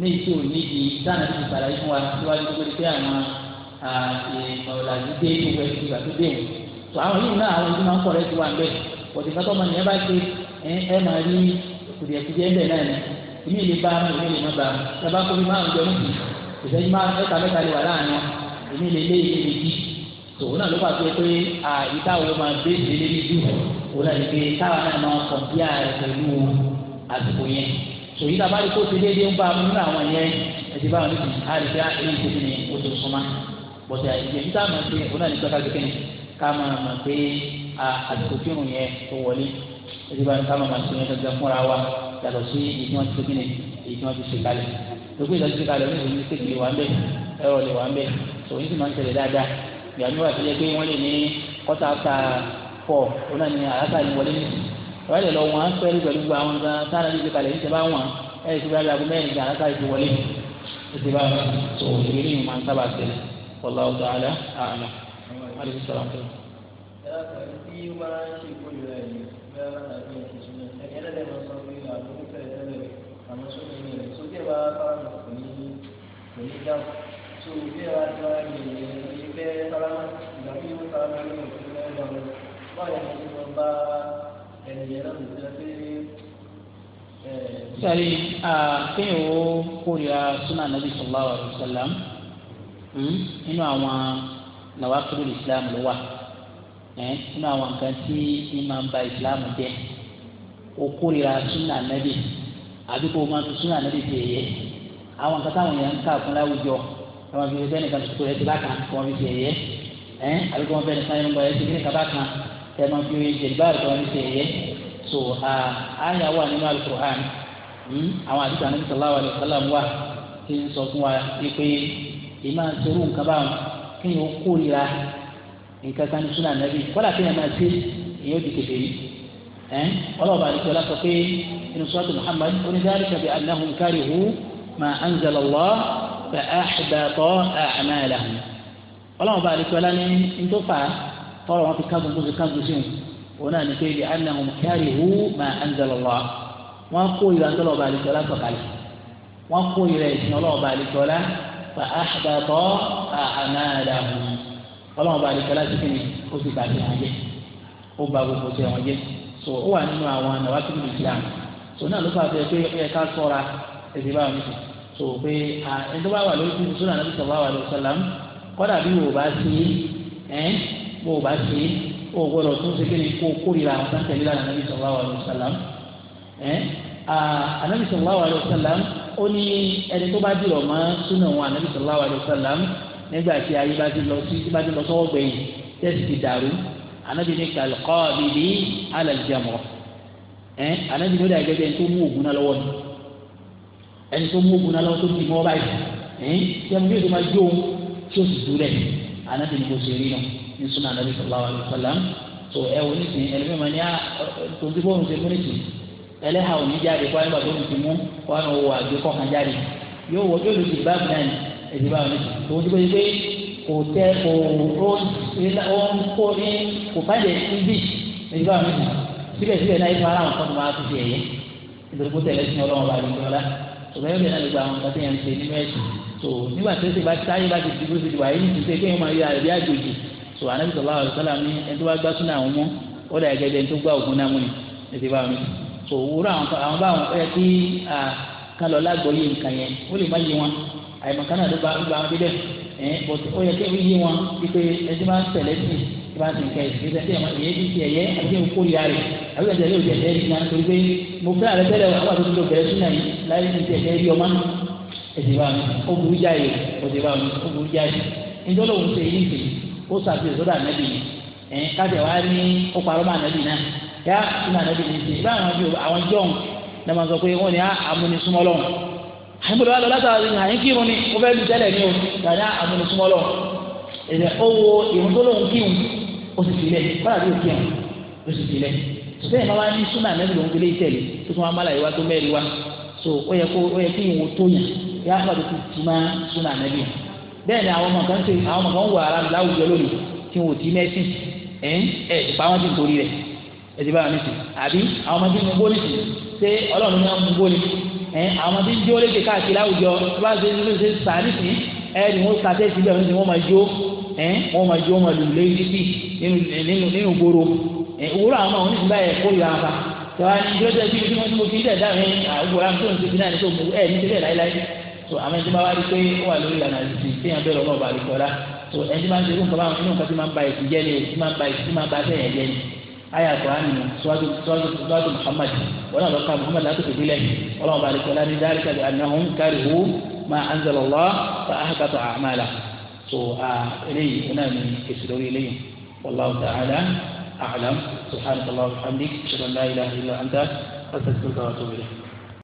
ní ìṣó níbi dáná ti sàlàyé fún wa síwájú tó pé àwọn ìmọ̀làjú dé gbogbo ẹ̀ ìgbà tó dé wọn so àwọn yìí náà àwọn ìdúmọ̀ kọ̀ọ̀rẹ́ ti wà ń bẹ̀ òtítọ́ tó mọ̀ nìyẹn bá ṣe ẹ̀ máa rí kùdìẹ̀kùdìẹ̀ ń bẹ̀ náà ni èmi lè bá mi èmi lè má bá mi bàbá kó mi máa ń jọ níbi ìṣẹ́jú máa mẹ́ta mẹ́ta lè wà láàrin wọn èmi lè lé èmi lè di tòun náà ló bá gbé pé àyíká wo máa gbé ìdílé ní jù òun náà lè gbé káwa náà máa kàn bí ààrẹ pẹ̀lú àsìkò yẹn tòun yìí tàbá lè kó ti déédéé ń bá mi nínú àwọn yẹn ẹtì báwọn níbi àríkà èyí tó ní o tó bọ̀dẹ̀ àyíké níta máa ṣe ni ká máa mọ̀ pé àsìkò kírun yẹn ṣe yàtọ̀ sí èyí tí wọ́n ti gbìn èyí tí wọ́n ti ṣe kalẹ̀ gbogbo ìdájọ́ kalẹ̀ oníṣòwò ní sèkìlì wà ń bẹ̀ ẹ̀rọ lè wà ń bẹ̀ òun sì máa ń tẹ̀lé dáadáa ìyàwó àti ẹgbẹ́ pé wọ́n lè ní kọ́tà àfà fọ̀ òun náà ní àlàkà ní wọlé nìyí wọ́n lè lọ wọ́n á pẹ́ẹ́lú pẹ̀lú gbogbo àwọn nǹkan sáà ní ìgbékalẹ̀ ní ìjọba wọn ẹ̀yìn tó bá yàgò mẹ́rin ní àlàkà ìjọ wọlé ìjọba tó ìwé ní ìmọ̀ nsábà tẹ̀lé wallahu ta'ala a'lam. ìdáhùn tó bí ẹ wá ti wá pé sálámà ìgbà bí sálámà ní òfin náà lọ lọ báwo ni mo bá ẹnìyẹn náà lè jẹ pé. sari kéèyàn ó kórìíra súnà nàbì sallallahu alaihi wasallam nínú àwọn nàwákìlú islam ló wà nínú àwọn nǹkan tí ìmọ̀ ń ba islam jẹ́ ó kórìíra súnà nàbì àbíkó máa tún súnà nàbì tẹ̀yẹ àwọn nǹkan táwọn èèyàn ń kà fún láwùjọ wọn fi bẹ́ẹ̀ nìkan sọ̀rọ̀ ẹtì bákan wọn fi ṣe ẹ̀yẹ ẹ̀ àbí kí wọ́n bẹ́ẹ̀ nìkan ẹnu bọ̀ ẹtì bí nìkan bákan ẹ̀ máa fi ṣe ìbáàrò wọn fi ṣe ẹ̀yẹ so àyà wà nínú alukur'an hmm, àwọn àdìsá ní sàlá wa ní sàlám wa ti ń sọ fún wa pé ìmọ̀ àtẹrù nǹkan báwọn kí ni ó kórira nǹkan kan ní súnà nàbí kọ́lá kí ni a máa ṣe èèyàn ti tètè yìí ẹ̀ ọlọ́ọ̀bà àdìsá ma anzala Allah fa ahbata a'malahum ọlọ́run bá àdìsí ọlá ní ntọ́fà tọrọ wọn fi kágun tó fi kágun sí wọn òun náà ní pé li annahum karihu ma anzala Allah wọn kó ìlànà tọ́lọ̀ bá àdìsí ọlá sọ̀kalẹ̀ wọn kó ìrẹ̀ ìsìn ọlọ́run bá àdìsí ọlá fa ahbata a'malahum ọlọ́run bá àdìsí ọlá sí kìnnì ó ti bàjẹ́ wọn jẹ́ ó ba gbogbo tẹ wọn jẹ́ so ó wà nínú àwọn nàwákìlì Islam so náà ló fà ẹ̀sìn bá mi sọ pé ẹni tó bá wà lórí fífi sọ́nà àti sọ̀rọ̀ wà lórí sọ̀làm kọ́dà bí wò bá sí ẹ́ wò bá sí o gbọ́dọ̀ tún ṣe kéde kó kórìíra àwọn sáńtẹ̀ líla ànábì sọ̀rọ̀ wà lórí sọ̀làm ẹ́ ànábì sọ̀rọ̀ wà lórí sọ̀làm ó ní ẹni tó bá dìrọ̀ mọ́ súnà wọn ànábì sọ̀rọ̀ wà lórí sọ̀làm nígbà tí ayé bá ti lọ sí bá ti lọ sọ́wọ́ gbẹ̀yìn tẹ́sì dàrú ànábì ní kàlùkọ́ bíbí alàlùjẹmọ́ ẹ́ ànábì ní ó dà gẹ́gẹ́ tó mú ògùn náà lọ́wọ́ ni ẹni tó mógun náà lọ́wọ́ tó ti mọ́ báyìí ẹ̀yìn tí a mú yóò tó máa jó ohun tí ó sì dúró rẹ̀ ànábì ni kò ṣe rí nù ní sunan anabi sallallahu alayhi wa sallam tó ẹ wò nísìn ẹlẹ́mìí ma ní a tó ń tí bóun ṣe mú nísìn ẹlẹ́hà ò ní jáde kó ayélujára tó ń ti mú kó àwọn owó àgbé kọ́ kan jáde yóò wọ yóò lò sí báàbù náà ní èdè báàbù nísìn tó ń tí bóun ṣe pé kò tẹ kò ó ń kó ní kò fáìlẹ̀ níbí èdè báàbù nísìn síbẹ̀síbẹ̀ náà ìfọ̀ aláwọ̀ kan tó máa fi ṣe ẹ̀yẹ ìdòdó ìbẹ̀rẹ̀ bẹ̀rẹ̀ lè gba àwọn nǹkan tí yẹn ń ṣe nínú ẹ̀sìn tó nígbà tó ṣe bá táyé bá ti di bó ṣe ti wà yìí ṣe kéèyàn máa rí àrẹ̀bí àjòjì tó ànábì sallallahu alaihi wasallam ní ẹni tó bá gbá súnà àwọn mú ó dà gẹ́gẹ́ ẹni tó gbá ògùn náà mú ni ètò ìbámu tó wúrọ̀ àwọn báwọn ẹ kí kan lọ yé nǹkan yẹn ó lè má yé wọn àyèmọ̀kánà tí wọ́n ti ń kẹ́ ẹ̀ ṣe ṣe ẹ̀yẹ bí ti ẹ̀yẹ àti òkú ìyá rẹ̀ àbí ẹ̀jẹ̀ yóò jẹ̀jẹ̀ rí náà torí pé mo fẹ́ àrẹ tẹ́lẹ̀ àwọn àti olùdó bẹ̀rẹ̀ sínú yìí láyé ti ẹ̀jẹ̀ rí ọmọ ẹ̀jẹ̀ bá mi ó burú jáyé ọ̀jẹ̀ bá mi ó burú jáyé nítorí òun ṣe yí ìṣe ó ṣàfihàn sọ́dọ̀ ànábì ẹ̀ káṣẹ̀ wá ní ó parọ́ mọ́ ànábì náà yá sínú ànábì ní ṣe bá àwọn jọ̀hún náà máa sọ pé wọ́n ní amúnisúmọ́ àyìnbó wa lọ látara ní àyìn kírun ni mo fẹ́ lu tẹ́lẹ̀ ní o tàbí amúnisúmọ́ lọ́wọ́ èdè owó ìrùn tó kírun ó sì filẹ̀ kọ́lá bí òkè hàn ó sì filẹ̀ sọ́tẹ́ ìmọ̀ wa ní súnà nẹ́bí lòún gbélé ìtẹ̀lé tó tún wá má láyé wá tó mẹ́rin wá so ó yẹ kó ó yẹ kí ìwò tó yàn yà á fàdé kó tì má súnà nẹ́bí hàn bẹ́ẹ̀ ni àwọn ọmọ kan ṣe àwọn ọmọ kan wọ ara láwùjọ lónìí tí wò tí mẹ́sìn ẹ̀ ẹ̀ ìpa wọn ti torí rẹ̀ ẹ̀ ti bá wọn nísìn àbí àwọn ọmọdé ń gbóni sí ṣé ọlọ́run náà ń gbóni ẹ̀ àwọn ọmọdé ń jó léde káàkiri láwùjọ tó bá ṣe ń ṣe sàánì ẹ̀ ni wọ́n ka tẹ́sí bẹ́ẹ̀ ni wọ́n máa jó ẹ eh, wọn máa jó wọn lùlé títì nínú nínú nínú gbòòrò ẹ òwúrọ̀ àwọn ọmọ oníṣẹ́ báyẹn kó yọ àbá tó a ní ìjọba tí mo ti mo ti dẹ̀ dáhùn ẹ àwòrán àwọn tó ń ti fi náà ní tó ẹ ní ti bẹ́ẹ̀ láíláí tó àwọn ẹni tó bá wá rí pé ó wà lórí ìlànà ìsìn tí yàn bẹ̀rẹ̀ ọlọ́ọ̀bà àlùkò ọ̀la tó ẹni tó bá ń ṣe irúfẹ́ báwọn inú nǹkan tí máa ń ba èsì jẹ́ ni èsì máa ń ba èsì tí máa ń ba sẹ́yìn jẹ́ ni ayé àkùrán nínú sọ́wọ́dù Muhammad wọn náà lọ́ka Muhammad láti fi bílẹ̀ ọlọ́ọ̀bà àlùkò ọ̀la ní dáríkà bí anahun kárí hu máa anzalallah fa ahakatọ̀ àmàlà إلي من كسرون والله تعالى أعلم سبحانك الله وبحمدك أشهد أن لا إله إلا أنت أستغفرك وأتوب إليك